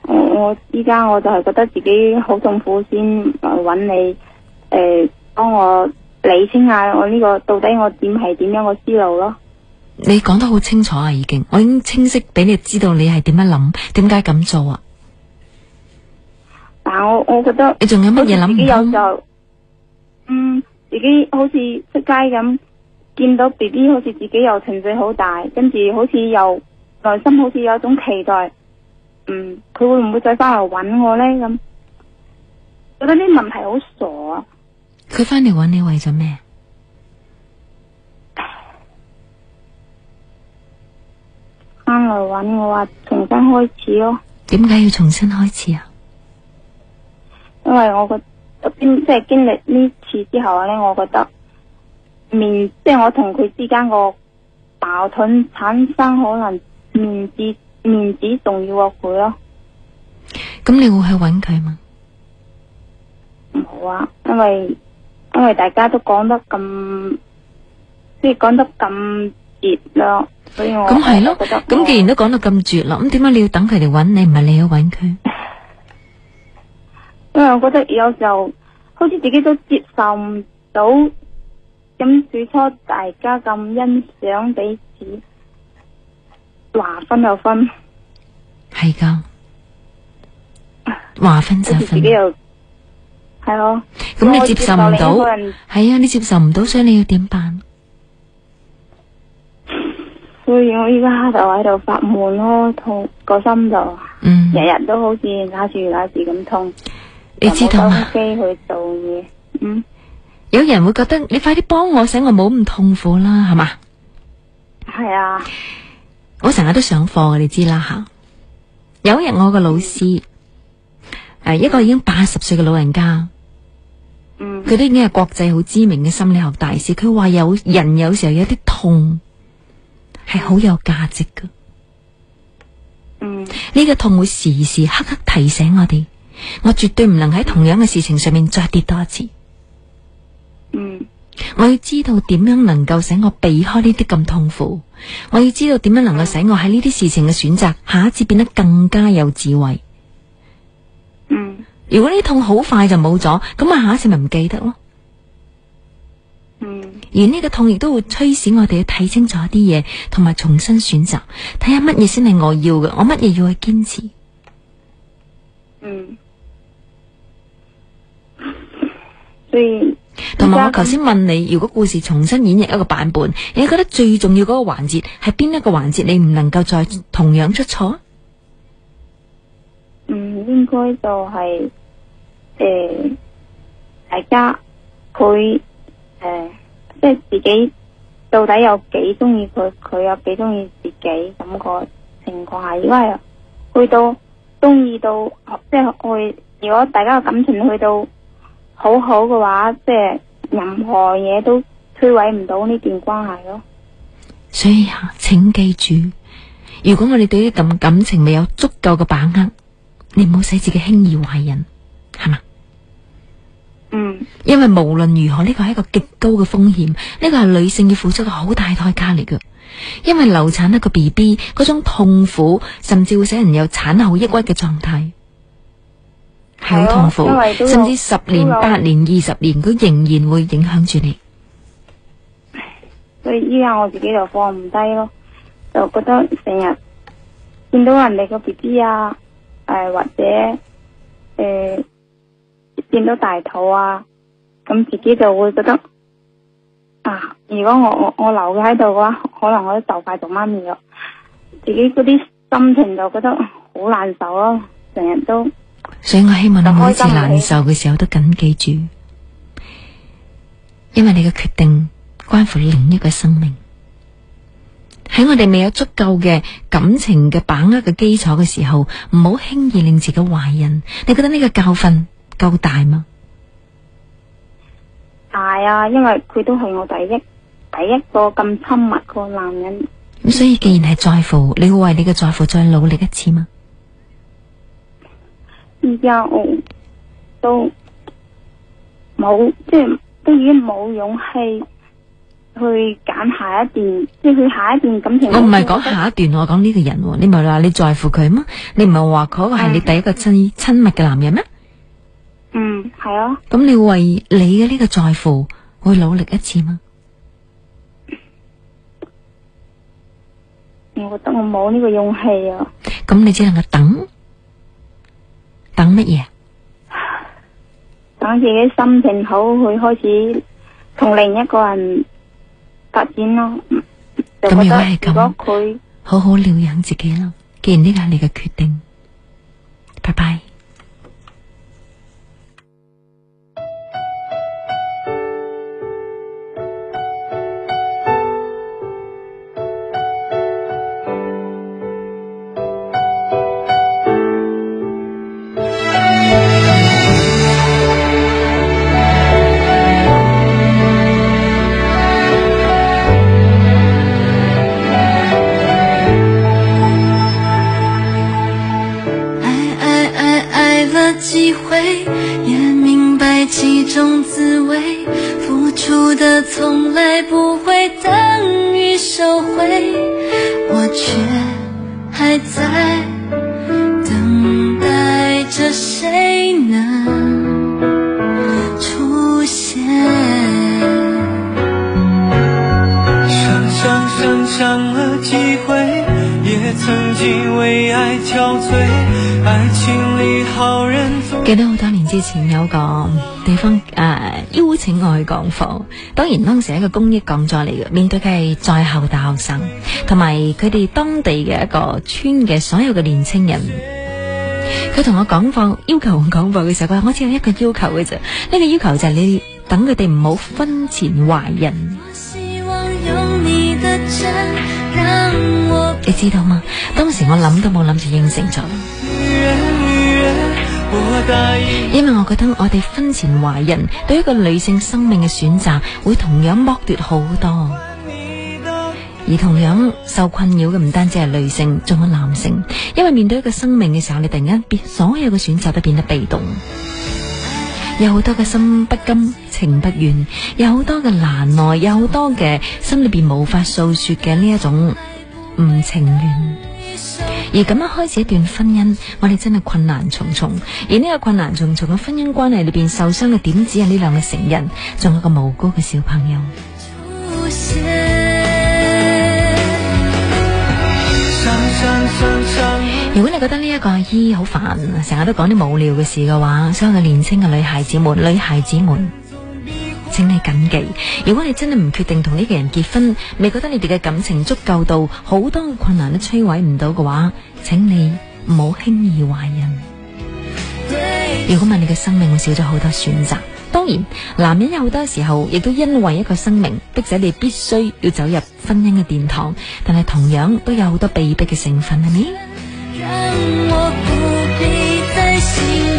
我依家我就係覺得自己好痛苦先嚟揾你，誒、呃，幫我理清下我呢、這個到底我點係點樣個思路咯。你講得好清楚啊，已經，我已經清晰俾你知道你係點樣諗，點解咁做啊？但我我覺得你仲有乜嘢諗？自己有時候嗯，自己好似出街咁，見到 BB，好似自己又情緒好大，跟住好似又內心好似有一種期待，嗯，佢會唔會再翻嚟搵我咧？咁覺得啲問題好傻啊。佢翻嚟搵你為咗咩？翻嚟揾我話重新開始咯，點解要重新開始啊？因為我覺得，經即係經歷呢次之後咧，我覺得面即係我同佢之間個矛盾產生，可能面子面子重要過佢咯。咁你會去揾佢嘛？冇啊，因為因為大家都講得咁，即係講得咁。熱咯，咁係咯，咁既然都講到咁絕啦，咁點解你要等佢嚟揾你，唔係你要揾佢？因為我覺得有時候好似自己都接受唔到，咁最初大家咁欣賞彼此，話分就分，係噶，話分就分，自己又係咯，咁你接受唔到，係啊，你接受唔到，所以你要點辦？所以我依家就喺度發悶咯，痛、個心就日日、嗯、都好似打住打住咁痛。你知痛？翻機去做嘢。嗯，有人會覺得你快啲幫我，醒，我冇咁痛苦啦，係嘛？係啊，我成日都上課嘅，你知啦吓。有一日我個老師，誒、嗯、一個已經八十歲嘅老人家，嗯，佢都已經係國際好知名嘅心理學大師。佢話有人有時候有啲痛。係好有價值噶嗯，呢個痛會時時刻刻提醒我哋，我絕對唔能喺同樣嘅事情上面再跌多次，嗯，我要知道點樣能夠使我避開呢啲咁痛苦，我要知道點樣能夠使我喺呢啲事情嘅選擇下一次變得更加有智慧，嗯，如果呢啲痛好快就冇咗，咁啊下一次咪唔記得咯。而呢個痛亦都會催使我哋要睇清楚一啲嘢，同埋重新選擇，睇下乜嘢先係我要嘅，我乜嘢要去堅持。嗯， [laughs] 所以同埋我頭先問你， [laughs] 如果故事重新演繹一個版本，你覺得最重要嗰個環節係邊一個環節，環節你唔能夠再同樣出錯？嗯，應該就係、是，誒、呃，大家佢誒。呃即係自己到底有幾中意佢，佢有幾中意自己咁個情況下，如果係去到中意到，即係去，如果大家嘅感情去到好好嘅話，即係任何嘢都摧毀唔到呢段關係咯。所以，請記住，如果我哋對於咁感情未有足夠嘅把握，你唔好使自己輕易懷孕，係嘛？嗯，因為無論如何，呢個係一個極高嘅風險，呢個係女性要付出嘅好大代價嚟嘅。因為流產一個 B B，嗰種痛苦，甚至會使人有產後抑鬱嘅狀態，係好、嗯、痛苦，甚至十年、八有年、二十年，佢仍然會影響住你。所以依家我自己就放唔低咯，就覺得成日見到人哋個 B B 啊，誒或者誒。呃見到大肚啊，咁自己就會覺得啊，如果我我我留佢喺度嘅話，可能我都就快做媽咪咯。自己嗰啲心情就覺得好難受咯，啊，成日都，所以我希望你每一次難受嘅時候都謹記住，因為你嘅決定關乎另一個生命。喺我哋未有足夠嘅感情嘅把握嘅基礎嘅時候，唔好輕易令自己懷孕。你覺得呢個教訓？夠大嗎？大啊，哎，因為佢都係我第一第一個咁親密個男人。咁所以，既然係在乎，你會為你嘅在乎再努力一次嗎？而家我都冇，即係都已經冇勇氣去揀下一段，即係佢下一段感情。我唔係講下一段，我講就呢個人。你唔係話你在乎佢嗎？你唔係話嗰個係你第一個親親 [laughs] 密嘅男人咩？嗯，係啊。咁你為你嘅呢個在乎，會努力一次嗎？我覺得我冇呢個勇氣啊。咁你只能夠等，等乜嘢？等自己心情好，去開始同另一個人發展咯。咁 [laughs] 覺得 如果係咁，佢好好療養自己咯。既然呢個係你嘅決定，拜拜。前有個地方誒、啊、邀請我去講課，當然當時係一個公益講座嚟嘅。面對佢係在校大學生，同埋佢哋當地嘅一個村嘅所有嘅年青人，佢同我講課，要求我講課嘅時候，佢話我只有一個要求嘅啫，呢、這個要求就係你等佢哋唔好婚前懷孕。我希望用你的讓我你知道嗎？當時我諗都冇諗住應承咗。因為我覺得我哋婚前懷孕，對一個女性生命嘅選擇，會同樣剝奪好多。而同樣受困擾嘅唔單止係女性，仲有男性。因為面對一個生命嘅時候，你突然間變所有嘅選擇都變得被動。有好多嘅心不甘情不願，有好多嘅難耐，有好多嘅心裏邊無法訴說嘅呢一種唔情願。而咁樣開始一段婚姻，我哋真係困難重重。而呢個困難重重嘅婚姻關係裏邊受傷嘅點止係呢兩個成人，仲有一個無辜嘅小朋友。現如果你覺得呢一個阿姨好煩，成日都講啲無聊嘅事嘅話，所有嘅年輕嘅女孩子們，女孩子們。請你謹記，如果你真係唔決定同呢個人結婚，未覺得你哋嘅感情足夠到好多困難都摧毀唔到嘅話，請你唔好輕易懷孕。對 如果問你嘅生命會少咗好多選擇，當然男人有好多時候亦都因為一個生命，逼使你必須要走入婚姻嘅殿堂，但係同樣都有好多被迫嘅成分係咪？對 讓我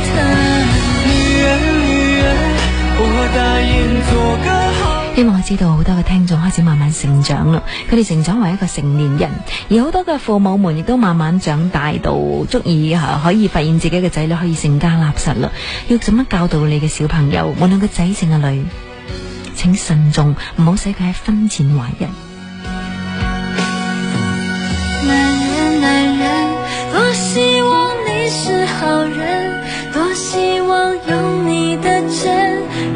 希望我知道好多嘅聽眾開始慢慢成長啦，佢哋成長為一個成年人，而好多嘅父母們亦都慢慢長大到足以可以發現自己嘅仔女可以成家立室啦。要怎麼教導你嘅小朋友？無論個仔，定係女，請慎重，重，唔好使佢喺婚前懷孕。男人，男人，人，多希望你是好人，多希望有你的真。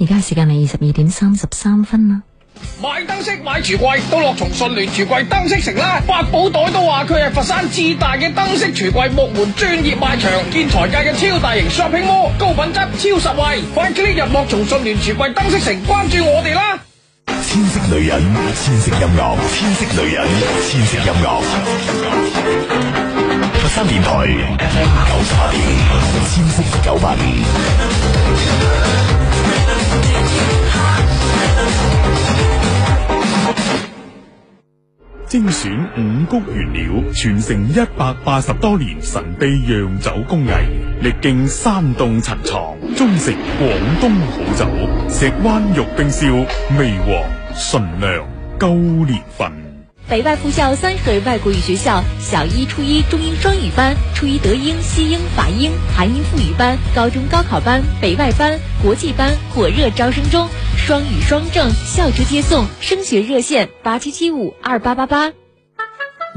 而家時間係二十二點三十三分啦。買燈飾、買櫥櫃，都樂從順聯櫥櫃燈飾城啦。百寶袋都話佢係佛山至大嘅燈飾櫥櫃木門專業賣場，建材界嘅超大型 shopping mall，高品質、超實惠。快啲入樂從順聯櫥櫃燈飾城，關注我哋啦！千色女人，千色音樂，千色女人，千色音樂。佛山電台 FM 九十八點二，千色九八點二。精選五穀原料，傳承一百八十多年神秘釀酒工藝，歷經山洞陳藏，忠食廣東好酒。石灣玉冰燒，微黃純糧高年份。北外附校三水外國語學校小一、初一中英雙語班，初一德英、西英、法英、韓英副語班，高中高考班、北外班、國際班，火熱招生中。雙語雙證，校車接送，升學熱線：八七七五二八八八。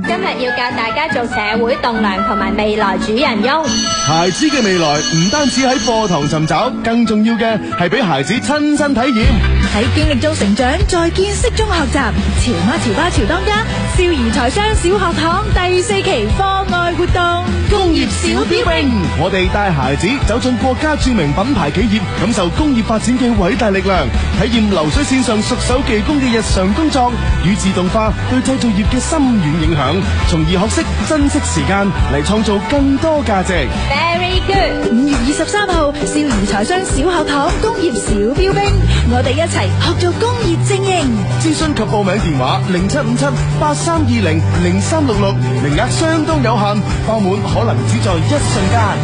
今日要教大家做社會棟樑同埋未來主人翁。孩子嘅未來唔單止喺課堂尋找，更重要嘅係俾孩子親身體驗。喺經歷中成長，在見識中學習。潮媽潮爸潮當家，少兒財商小學堂第四期課外活動——工業小標兵。我哋帶孩子走進國家著名品牌企業，感受工業發展嘅偉大力量，體驗流水線上熟手技工嘅日常工作與自動化對製造業嘅深遠影響，從而學識珍惜時間嚟創造更多價值。Very good！五月二十三號，少兒財商小學堂工業小標兵，我哋一齊。學做工業精英，諮詢及報名電話：零七五七八三二零零三六六，名額相當有限，爆滿可能只在一瞬間。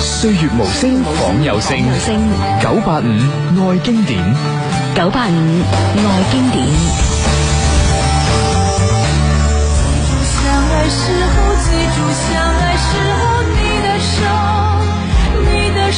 歲月無聲，仿有聲。九八五愛經典，九八五愛經典。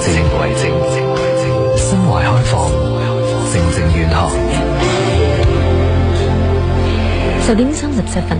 情為證，心懷開放，靜靜遠航。正正十點三十七分，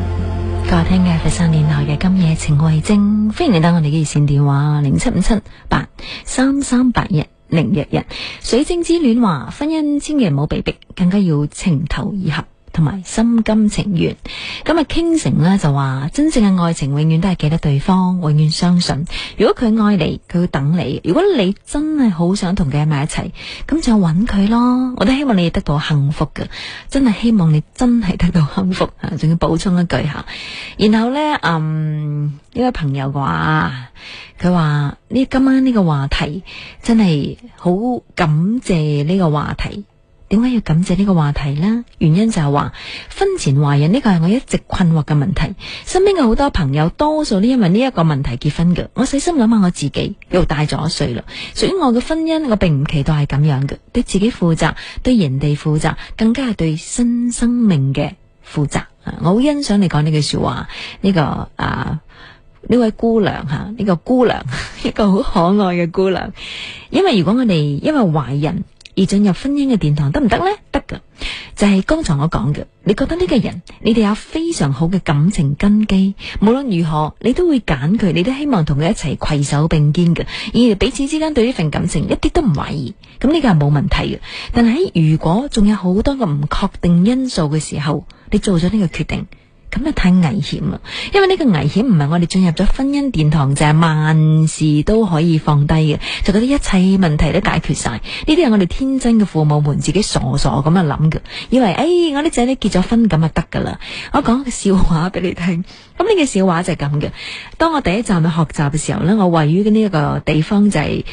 各位聽嘅佛山電台嘅《今夜情為證》慧正，歡迎你打我哋嘅熱線電話零七五七八三三八一零一一。水晶之戀話，婚姻千祈唔好被逼，更加要情投意合。同埋心甘情願，咁啊傾城咧就話，真正嘅愛情永遠都係記得對方，永遠相信。如果佢愛你，佢會等你。如果你真係好想同佢喺埋一齊，咁就揾佢咯。我都希望你得到幸福噶，真係希望你真係得到幸福啊！仲要補充一句吓，然後咧，嗯，呢位朋友嘅話，佢話呢今晚呢個話題真係好感謝呢個話題。點解要感謝呢個話題呢？原因就係話婚前懷孕呢個係我一直困惑嘅問題。身邊嘅好多朋友多數都因為呢一個問題結婚嘅。我細心諗下我自己，又大咗一歲啦。屬於我嘅婚姻，我並唔期待係咁樣嘅。對自己負責，對人哋負責，更加係對新生命嘅負責。我好欣賞你講呢句說話，呢個啊呢位姑娘吓，呢個姑娘一個好可愛嘅姑娘。因為如果我哋因為懷孕，而進入婚姻嘅殿堂得唔得呢？得噶，就係、是、剛才我講嘅。你覺得呢個人，你哋有非常好嘅感情根基，無論如何你都會揀佢，你都希望同佢一齊攜手並肩嘅，而彼此之間對呢份感情一啲都唔懷疑。咁呢個係冇問題嘅。但係如果仲有好多個唔確定因素嘅時候，你做咗呢個決定。咁啊，太危險啦！因為呢個危險唔係我哋進入咗婚姻殿堂就係萬事都可以放低嘅，就覺得一切問題都解決晒。呢啲係我哋天真嘅父母們自己傻傻咁啊諗嘅，以為誒我啲仔女結咗婚咁就得噶啦！我講個笑話俾你聽。咁呢個笑話就係咁嘅。當我第一站去學習嘅時候呢，我位於嘅呢一個地方就係。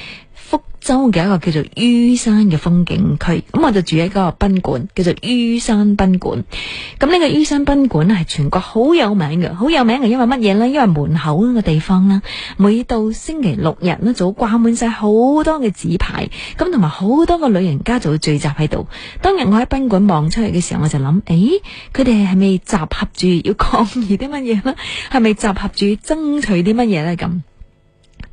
福州嘅一個叫做於山嘅風景區，咁我就住喺嗰個賓館，叫做於山賓館。咁呢個於山賓館係全國好有名嘅，好有名係因為乜嘢呢？因為門口嗰個地方啦，每到星期六日呢，就掛滿晒好多嘅紙牌，咁同埋好多個旅人家就會聚集喺度。當日我喺賓館望出嚟嘅時候，我就諗，誒、欸，佢哋係咪集合住要抗議啲乜嘢呢？係咪集合住爭取啲乜嘢呢？」咁？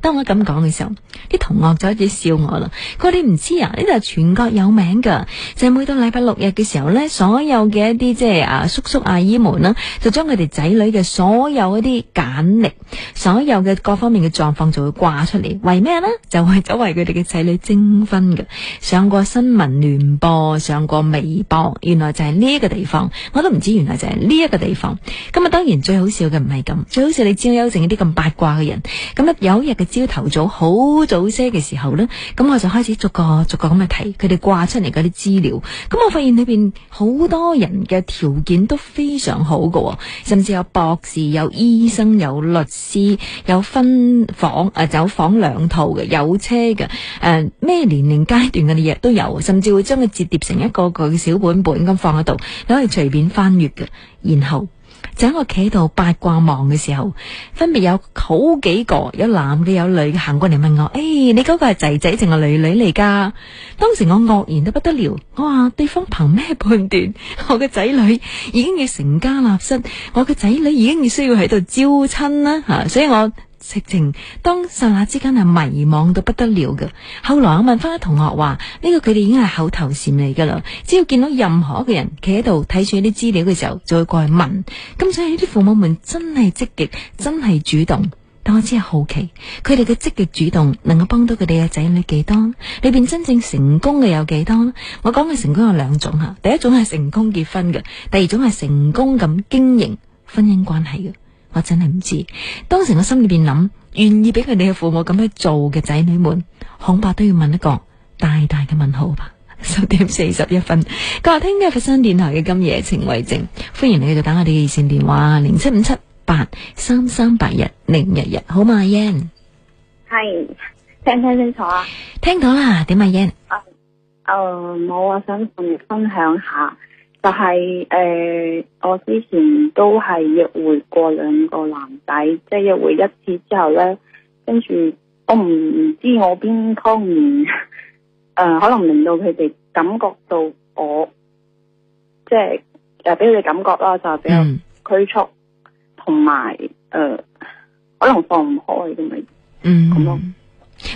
當我咁講嘅時候，啲同學就一直笑我啦。佢哋唔知啊，呢度係全國有名噶，就係每到禮拜六日嘅時候呢，所有嘅一啲即係啊叔叔阿、啊、姨姨們呢，就將佢哋仔女嘅所有一啲簡歷，所有嘅各方面嘅狀況就會掛出嚟。為咩呢？就為咗為佢哋嘅仔女徵婚嘅。上過新聞聯播，上過微博，原來就係呢一個地方。我都唔知原來就係呢一個地方。咁啊，當然最好笑嘅唔係咁，最好笑你知我知，有剩一啲咁八卦嘅人，咁啊有日。嘅朝頭早好早些嘅時候呢，咁我就開始逐個逐個咁去睇佢哋掛出嚟嗰啲資料，咁我發現裏邊好多人嘅條件都非常好嘅，甚至有博士、有醫生、有律師、有分房誒，呃、有房兩套嘅，有車嘅，誒、呃、咩年齡階段嘅嘢都有，甚至會將佢摺疊成一個個嘅小本本咁放喺度，你可以隨便翻閱嘅，然後。就喺我企度八卦望嘅時候，分別有好幾個，有男嘅，有女嘅，行過嚟問我：誒，hey，你嗰個係仔仔定係女女嚟噶？當時我愕然得不得了，我話對方憑咩判斷我嘅仔女已經要成家立室，我嘅仔女已經要需要喺度招親啦吓，所以我。直情，當剎那之間係迷茫到不得了噶。後來我問翻啲同學話，呢個佢哋已經係口頭禪嚟噶啦。只要見到任何一個人企喺度睇住啲資料嘅時候，就會過去問。咁所以呢啲父母們真係積極，真係主動。但我只係好奇，佢哋嘅積極主動能夠幫到佢哋嘅仔女幾多？裏邊真正成功嘅有幾多呢？我講嘅成功有兩種吓，第一種係成功結婚嘅，第二種係成功咁經營婚姻關係嘅。我真係唔知，當時我心裏邊諗，願意俾佢哋嘅父母咁樣做嘅仔女們，恐怕都要問一個大大嘅問號吧。十點四十一分，客廳嘅佛山電台嘅今夜情為證，歡迎你繼續打我哋嘅熱線電話零七五七八三三八一零一一，8 8 01 01 01 01 01，好嘛，阿嫣？係聽唔聽清楚啊？聽到啦，點啊阿嫣，冇啊，想同你分享下。就係誒，我之前都係約會過兩個男仔，即係約會一次之後咧，跟住我唔知我邊方面誒，可能令到佢哋感覺到我即係誒俾佢哋感覺啦，就是、比較拘束，同埋誒可能放唔開咁、嗯、樣、啊，嗯咁咯。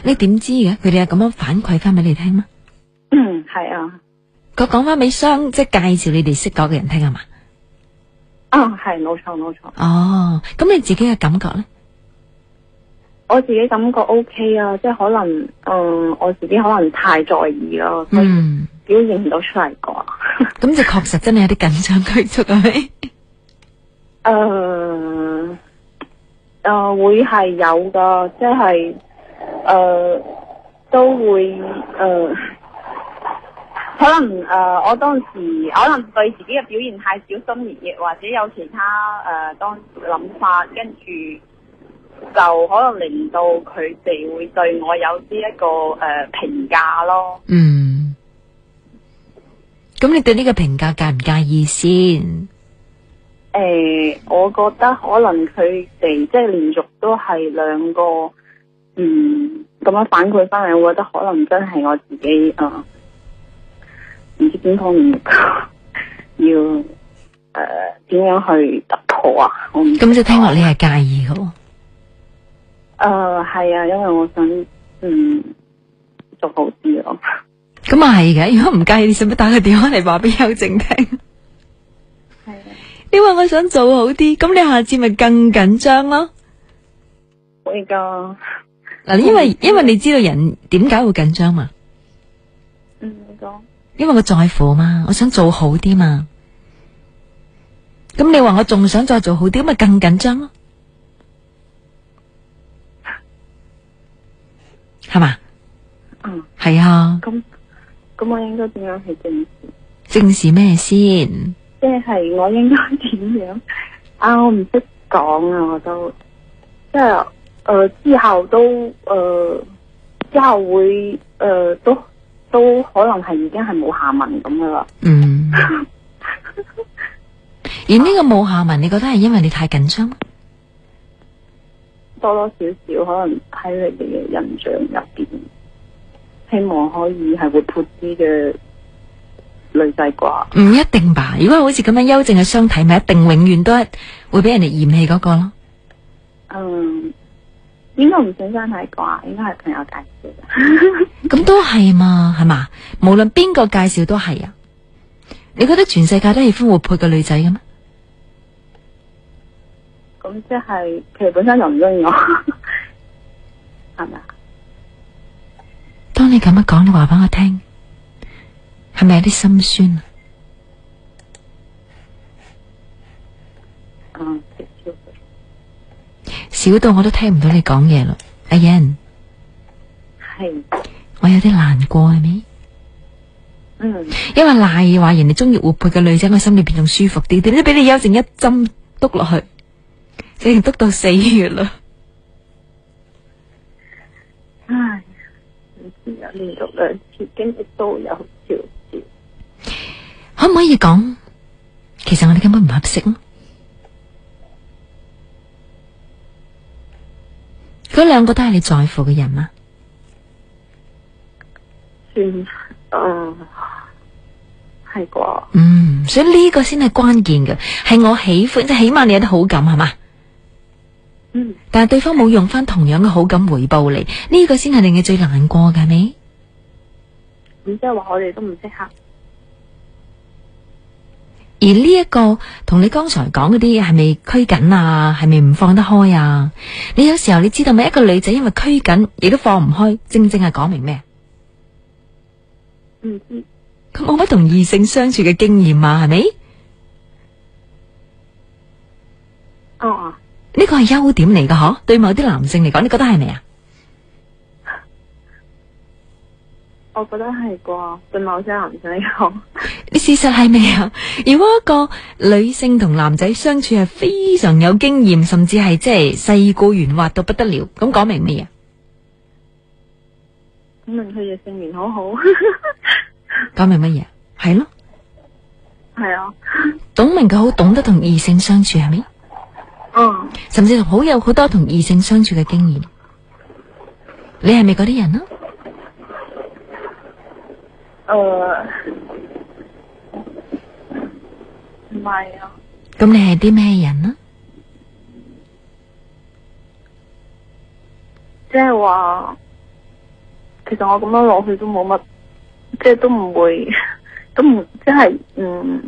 你點知嘅？佢哋有咁樣反饋翻俾你聽咩？嗯，係 [coughs] 啊。佢講翻俾商，即係介紹你哋識嗰個人聽吖嘛？啊，係冇錯冇錯。哦，咁、哦、你自己嘅感覺咧？我自己感覺 OK 啊，即係可能，嗯、呃，我自己可能太在意咯，所以表現唔到出嚟啩。咁 [laughs] 就確實真係有啲緊張拘束係咪？誒、 [laughs] 呃，誒、呃，會係有噶，即係，誒、呃，都會，誒、呃。可能誒、呃，我當時可能對自己嘅表現太小心翼翼，或者有其他誒、呃、當時嘅諗法，跟住就可能令到佢哋會對我有啲、這、一個誒評價咯。嗯，咁你對呢個評價介唔介意先？誒、呃，我覺得可能佢哋即係連續都係兩個，嗯，咁樣反饋翻嚟，我覺得可能真係我自己誒。呃唔知點講要誒，點樣去突破啊？咁就聽落你係介意噶。誒，係啊，因為我想嗯做好啲咯。咁啊係嘅，如果唔介意，你使唔使打個電話嚟話俾邱靜聽？係。因為我想做好啲，咁你下次咪更緊張咯。會噶。嗱，因為因為你知道人點解會緊張嘛？嗯，你講。因為我在乎嘛，我想做好啲嘛。咁你話我仲想再做好啲，咁咪更緊張咯？係嘛？嗯，係啊。咁咁，我應該點樣去正視？正視咩先？即係我應該點樣啊？我唔識講啊，我都即係誒之後都誒、呃、之後會誒、呃、都。都可能係已經係冇下文咁噶啦。嗯。 [laughs] 而呢個冇下文，你覺得係因為你太緊張？多多少少可能喺你哋嘅印象入邊，希望可以係活潑啲嘅女仔啩。唔一定吧？如果好似咁樣幽靜嘅相體，咪一定永遠都會俾人哋嫌棄嗰個咯。嗯。應該唔算真係啩，應該係朋友介紹。咁都係嘛，係嘛？無論邊個介紹都係啊！你覺得全世界都喜歡活潑嘅女仔嘅咩？咁即係其實本身就唔中意我，係咪？當你咁樣講，你話俾我聽，係咪有啲心酸啊？嗯。少到我都聽唔到你講嘢咯。阿欣係我有啲難過，係咪？嗯，因為賴話人哋中意活潑嘅女仔，我心裏邊仲舒服啲，點知俾你休成一針篤落去，成篤到死穴啦。唉，唔知有連續兩次經歷都有少少。可唔可以講？其實我哋根本唔合適嗰兩個都係你在乎嘅人啊，算，嗯，係啩。嗯，所以呢個先係關鍵嘅，係我喜歡，即係起碼你有啲好感係嘛。嗯。但係對方冇用翻同樣嘅好感回報你，呢個先係令你最難過嘅，係咪？咁即係話我哋都唔適合。而呢、這、一個同你剛才講嗰啲係咪拘謹啊？係咪唔放得開啊？你有時候你知道咪一個女仔因為拘謹亦都放唔開，正正係講明咩、嗯？嗯，佢冇乜同異性相處嘅經驗啊？係咪？哦，呢個係優點嚟噶，嗬？對某啲男性嚟講，你覺得係咪啊？我覺得係啩，對某些男仔講，啲事實係未啊？如果一個女性同男仔相處係非常有經驗，甚至係即係世故圓滑到不得了，咁講明咩 [laughs] 啊？講明佢嘅性緣好好。講明乜嘢？係咯，係啊。講明佢好懂得同異性相處，係咪？嗯。甚至好有好多同異性相處嘅經驗，你係咪嗰啲人啊？誒，唔係、呃、啊。咁你係啲咩人啊？即係話，其實我咁樣落去都冇乜，即、就、係、是、都唔會，都唔，即、就、係、是，嗯，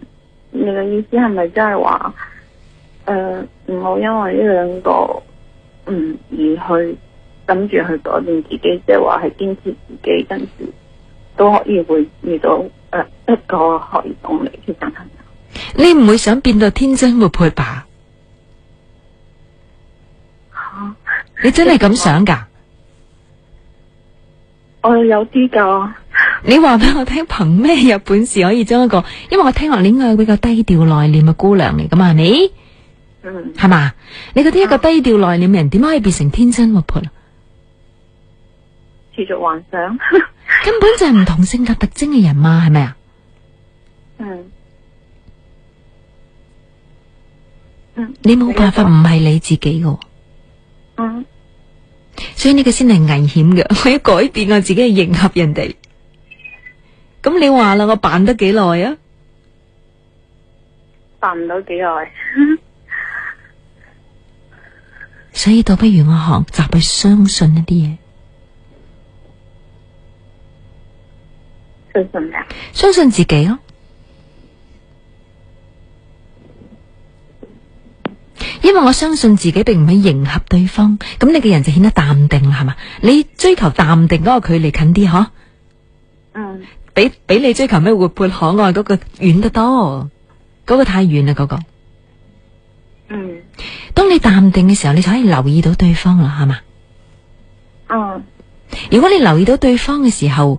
你嘅意思係咪即係話，誒、呃，唔好因為呢兩個，嗯，而去諗住去改變自己，即係話係堅持自己跟住。都可以會遇到誒一個可以同你結等朋友。你唔會想變到天真活潑吧？你真係咁想噶？我有啲噶。你話俾我聽憑咩有本事可以將一個？因為我聽落戀愛比較低調內斂嘅姑娘嚟噶嘛，係咪？嗯。係嘛？你覺得一個低調內斂嘅人點可以變成天真活潑？持續幻想。根本就係唔同性格特徵嘅人嘛，係咪啊？嗯嗯，你冇辦法，唔係你自己個。嗯。所以呢個先係危險嘅，我要改變我自己去迎合人哋。咁你話啦，我扮得幾耐啊？扮唔到幾耐。所以倒不如我學習去相信一啲嘢。相信自己咯，因為我相信自己，並唔係迎合對方。咁你嘅人就顯得淡定啦，係嘛？你追求淡定嗰個距離近啲，嗬？嗯。比比你追求咩活潑可愛嗰個遠得多，嗰個太遠啦，嗰個。嗯。當你淡定嘅時候，你就可以留意到對方啦，係嘛？嗯。如果你留意到對方嘅時候，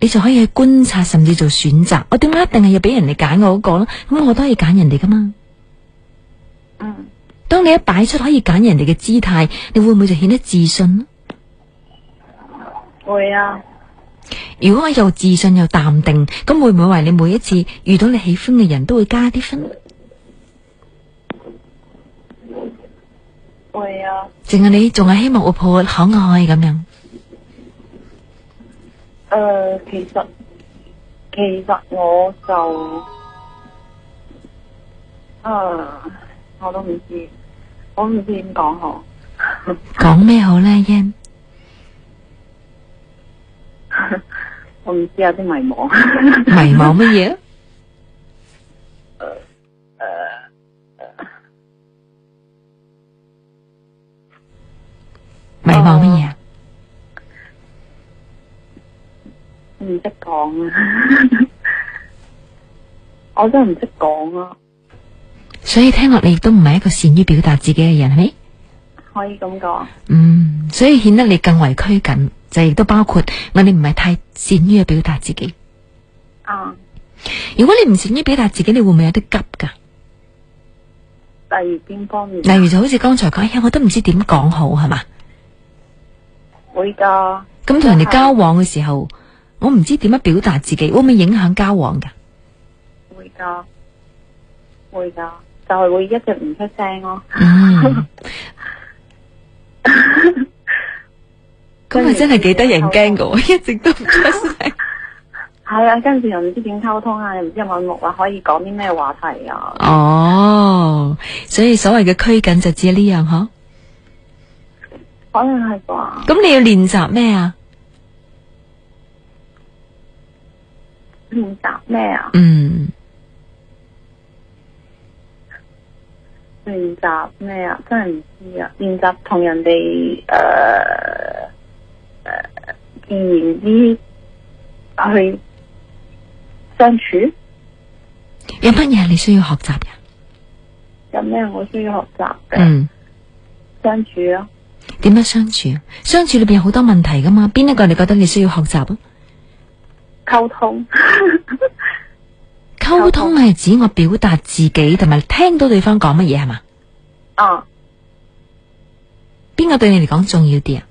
你就可以去觀察，甚至做選擇。我點解一定係要俾人哋揀我嗰個咧？咁我都可以揀人哋噶嘛。嗯。當你一擺出可以揀人哋嘅姿態，你會唔會就顯得自信？會啊。如果我又自信又淡定，咁會唔會話你每一次遇到你喜歡嘅人都會加啲分？會啊。淨係你仲係希望活潑可愛咁樣？誒，其實其實我就啊，我都唔知，我唔知點講好。講咩好咧？因我唔知有啲迷茫。迷茫乜嘢？誒誒誒！迷茫乜嘢？唔識講啊！ [laughs] 我真係唔識講啊。所以聽落你亦都唔係一個善於表達自己嘅人，係咪？可以咁講。嗯，所以顯得你更為拘謹，就亦都包括我哋唔係太善於表達自己。啊、嗯！如果你唔善於表達自己，你會唔會有啲急噶？例如邊方面？例如就好似剛才講，哎，我都唔知點講好，係嘛？會噶的。咁同人哋交往嘅時候。我唔知點樣表達自己，會唔會影響交往嘅？會噶，會噶，就係會一直唔出聲咯。咁 [laughs] 啊， [laughs] 真係幾得人驚噶，一直都唔出聲。係啊， [laughs] [laughs] [laughs] 跟住又唔知點溝通啊，又唔知有冇話可以講啲咩話題啊。哦，所以所謂嘅拘謹就只係呢樣嗬？可能係啩？咁你要練習咩啊？練習咩啊？練習，嗯，練習咩啊？真係唔知啊！練習同人哋誒、誒、自然啲去相處，有乜嘢你需要學習嘅？有咩我需要學習嘅？嗯，相處啊？點樣相處？相處裏邊有好多問題噶嘛？邊一個你覺得你需要學習？溝溝通，溝 [laughs] 通係指我表達自己同埋聽到對方講乜嘢係嘛？哦，邊個、啊、對你嚟講重要啲啊？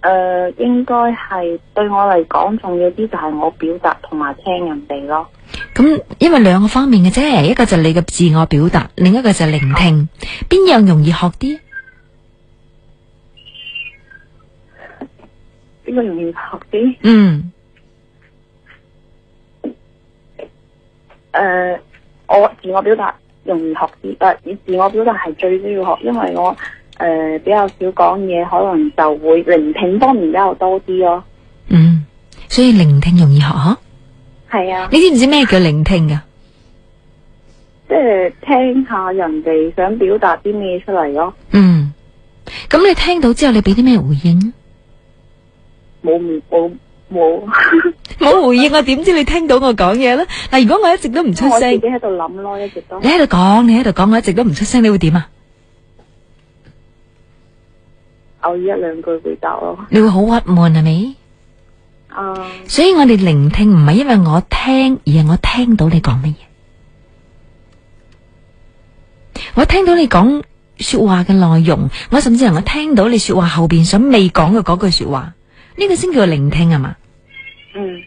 誒、呃，應該係對我嚟講重要啲，就係我表達同埋聽人哋咯。咁、嗯、因為兩個方面嘅啫，一個就係你嘅自我表達，另一個就係聆聽。邊、啊、樣容易學啲？邊個容易學啲？嗯。誒、呃，我自我表達容易學啲，誒，以自我表達係最需要學，因為我誒、呃、比較少講嘢，可能就會聆聽方面比較多啲咯。嗯，所以聆聽容易學嗬？係啊。你知唔知咩叫聆聽噶？即係聽下人哋想表達啲咩出嚟咯。嗯，咁你聽到之後，你俾啲咩回應？冇冇。冇，冇回應 [laughs] 我點知你聽到我講嘢咧？嗱，如果我一直都唔出聲，喺度諗咯，一直都在在你喺度講，你喺度講，我一直都唔出聲，你會點啊？偶爾一兩句回答咯。你會好鬱悶係咪？啊，um, 所以我哋聆聽唔係因為我聽，而係我聽到你講乜嘢。我聽到你講說話嘅內容，我甚至能夠聽到你說話後邊想未講嘅嗰句說話。呢個先叫聆聽係嘛、嗯？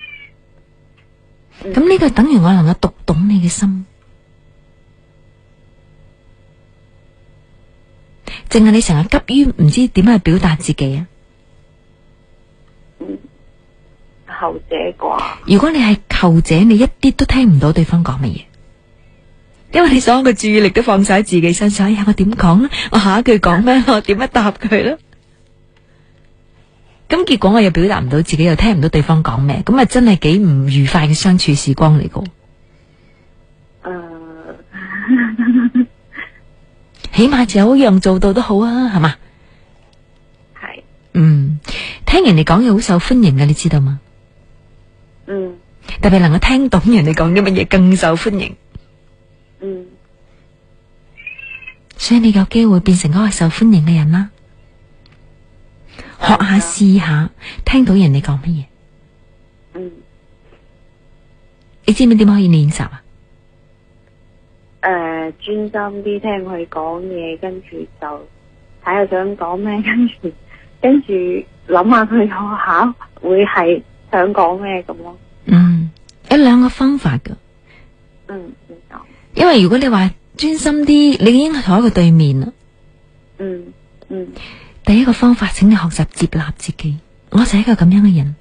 嗯。咁呢個等於我能夠讀懂你嘅心，淨係你成日急於唔知點樣去表達自己啊。後者啩？如果你係後者，你一啲都聽唔到對方講乜嘢，因為你所有嘅注意力都放晒喺自己身上，有我點講咧？我下一句講咩？我點樣答佢咧？咁結果我又表達唔到，自己又聽唔到對方講咩，咁啊真係幾唔愉快嘅相處時光嚟噶。誒，起碼就有一樣做到都好啊，係嘛？係。嗯，聽人哋講嘢好受歡迎嘅，你知道嗎？嗯。特別能夠聽懂人哋講啲乜嘢更受歡迎。嗯。所以你有機會變成嗰個受歡迎嘅人啦。學下試、嗯、下，聽到人哋講乜嘢？嗯，你知唔知點可以練習啊？誒，專心啲聽佢講嘢，跟住就睇下想講咩，跟住跟住諗下佢學下會係想講咩咁咯。嗯，有兩個方法噶。嗯，因為如果你話專心啲，你已經坐喺佢對面啦，嗯。嗯嗯。第一個方法，請你學習接納自己。我就係一個咁樣嘅人，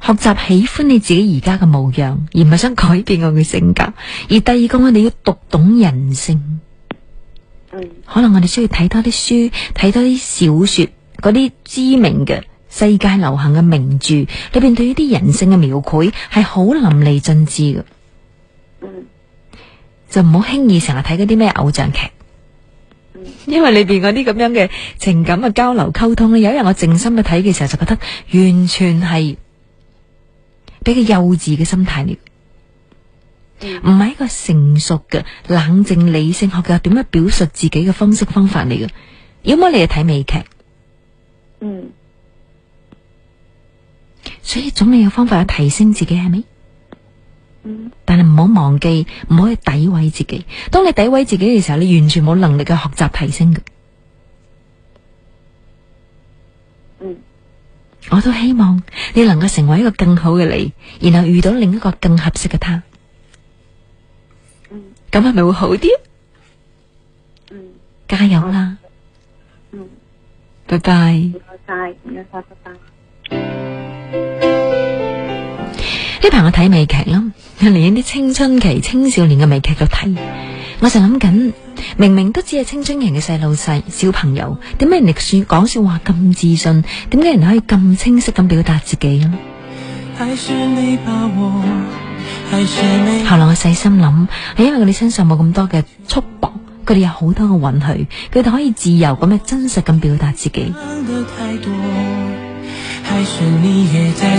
學習喜歡你自己而家嘅模樣，而唔係想改變我嘅性格。而第二個，我哋要讀懂人性。可能我哋需要睇多啲書，睇多啲小說，嗰啲知名嘅世界流行嘅名著，裏邊對於一啲人性嘅描繪係好淋漓盡致嘅。就唔好輕易成日睇嗰啲咩偶像劇。因為裏邊啲咁樣嘅情感嘅交流溝通咧，有一日我靜心去睇嘅時候，就覺得完全係比較幼稚嘅心態嚟，唔係一個成熟嘅冷靜理性學嘅點樣表述自己嘅方式方法嚟嘅，要麼你係睇美劇，嗯，所以總係有方法去提升自己係咪？是但係唔好忘記，唔可以詆毀自己。當你詆毀自己嘅時候，你完全冇能力去學習提升嘅。嗯，我都希望你能夠成為一個更好嘅你，然後遇到另一個更合適嘅他。嗯，咁係咪會好啲？嗯，加油啦！嗯，拜拜。拜拜，唔該，拜拜。呢排我睇美劇咯，連一啲青春期青少年嘅美劇度睇，我就諗緊，明明都只係青春期嘅細路仔、小朋友，點解人哋說講說話咁自信，點解人可以咁清晰咁表達自己啊？後來我細心諗，係因為佢哋身上冇咁多嘅束縛，佢哋有好多嘅允許，佢哋可以自由咁嘅真實咁表達自己。還是你也在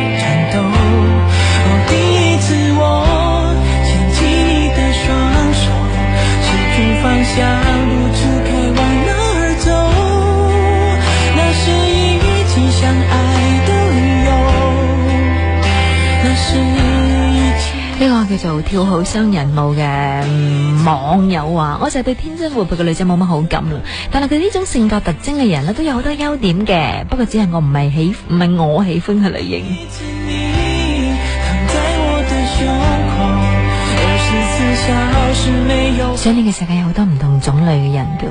想不出往哪兒走。呢個叫做跳好雙人舞嘅網友啊， [music] 我就對天真活潑嘅女仔冇乜好感啦。但係佢呢種性格特徵嘅人咧，都有好多優點嘅。不過只係我唔係喜唔係我喜歡嘅類型。 [music] [music] 想你嘅世界有好多唔同種類嘅人都，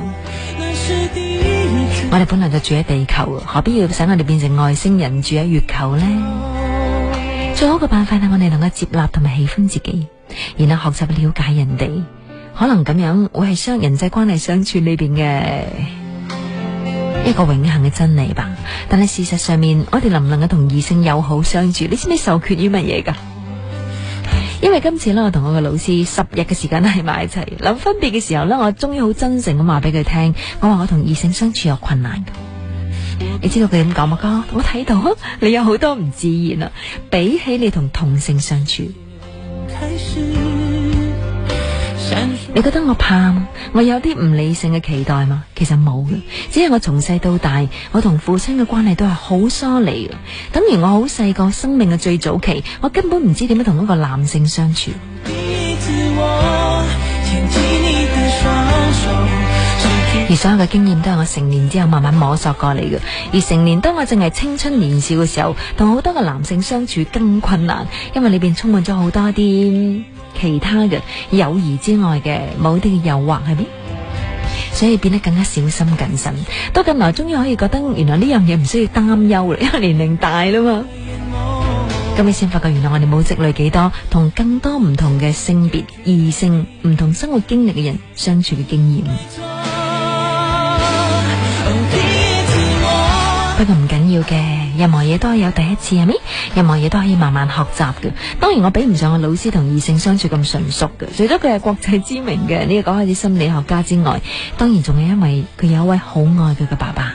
我哋本來就住喺地球，何必要使我哋變成外星人住喺月球呢？最好嘅辦法係我哋能夠接納同埋喜歡自己，然後學習了解人哋，可能咁樣會係雙人際關係相處裏邊嘅一個永恆嘅真理吧。但係事實上面，我哋能唔能夠同異性友好相處？你知唔知受缺於乜嘢噶？因為今次咧，我同我嘅老師十日嘅時間喺埋一齊，諗分別嘅時候咧，我終於好真誠咁話俾佢聽，我話我同異性相處有困難㗎，你知道佢點講嘛？哥，我睇到你有好多唔自然啊，比起你同同性相處。你覺得我怕嗎？我有啲唔理性嘅期待嗎？其實冇嘅，只係我從細到大，我同父親嘅關係都係好疏離嘅。等於我好細個，生命嘅最早期，我根本唔知點樣同一個男性相處。我牽起你嘅雙手，而所有嘅經驗都係我成年之後慢慢摸索過嚟嘅。而成年當我淨係青春年少嘅時候，同好多個男性相處更困難，因為裏邊充滿咗好多啲。其他嘅友誼之外嘅某啲嘅誘惑係咪？所以變得更加小心謹慎。到咁耐，終於可以覺得原來呢樣嘢唔需要擔憂啦，因為年齡大啦嘛。咁你先發覺，原來我哋冇積累幾多，同更多唔同嘅性別、異性、唔同生活經歷嘅人相處嘅經驗。 [laughs] 不過唔緊要嘅。任何嘢都係有第一次，係咪？任何嘢都可以慢慢學習嘅。當然我比唔上我老師同異性相處咁純熟嘅。除咗佢係國際知名嘅呢個講開啲心理學家之外，當然仲係因為佢有一位好愛佢嘅爸爸。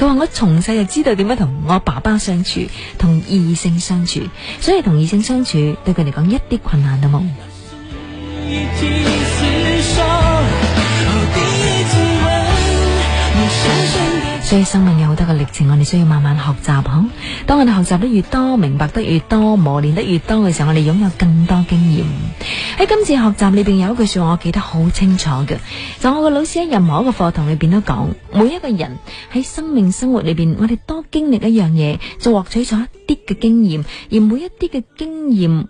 佢話我從細就知道點樣同我爸爸相處，同異性相處，所以同異性相處對佢嚟講一啲困難都冇。 [music] 所以生命有好多嘅歷程，我哋需要慢慢學習嗬。當我哋學習得越多，明白得越多，磨練得越多嘅時候，我哋擁有更多經驗。喺今次學習裏邊有一句說話，我記得好清楚嘅。就我個老師喺任何一個課堂裏邊都講，每一個人喺生命生活裏邊，我哋多經歷一樣嘢，就獲取咗一啲嘅經驗，而每一啲嘅經驗。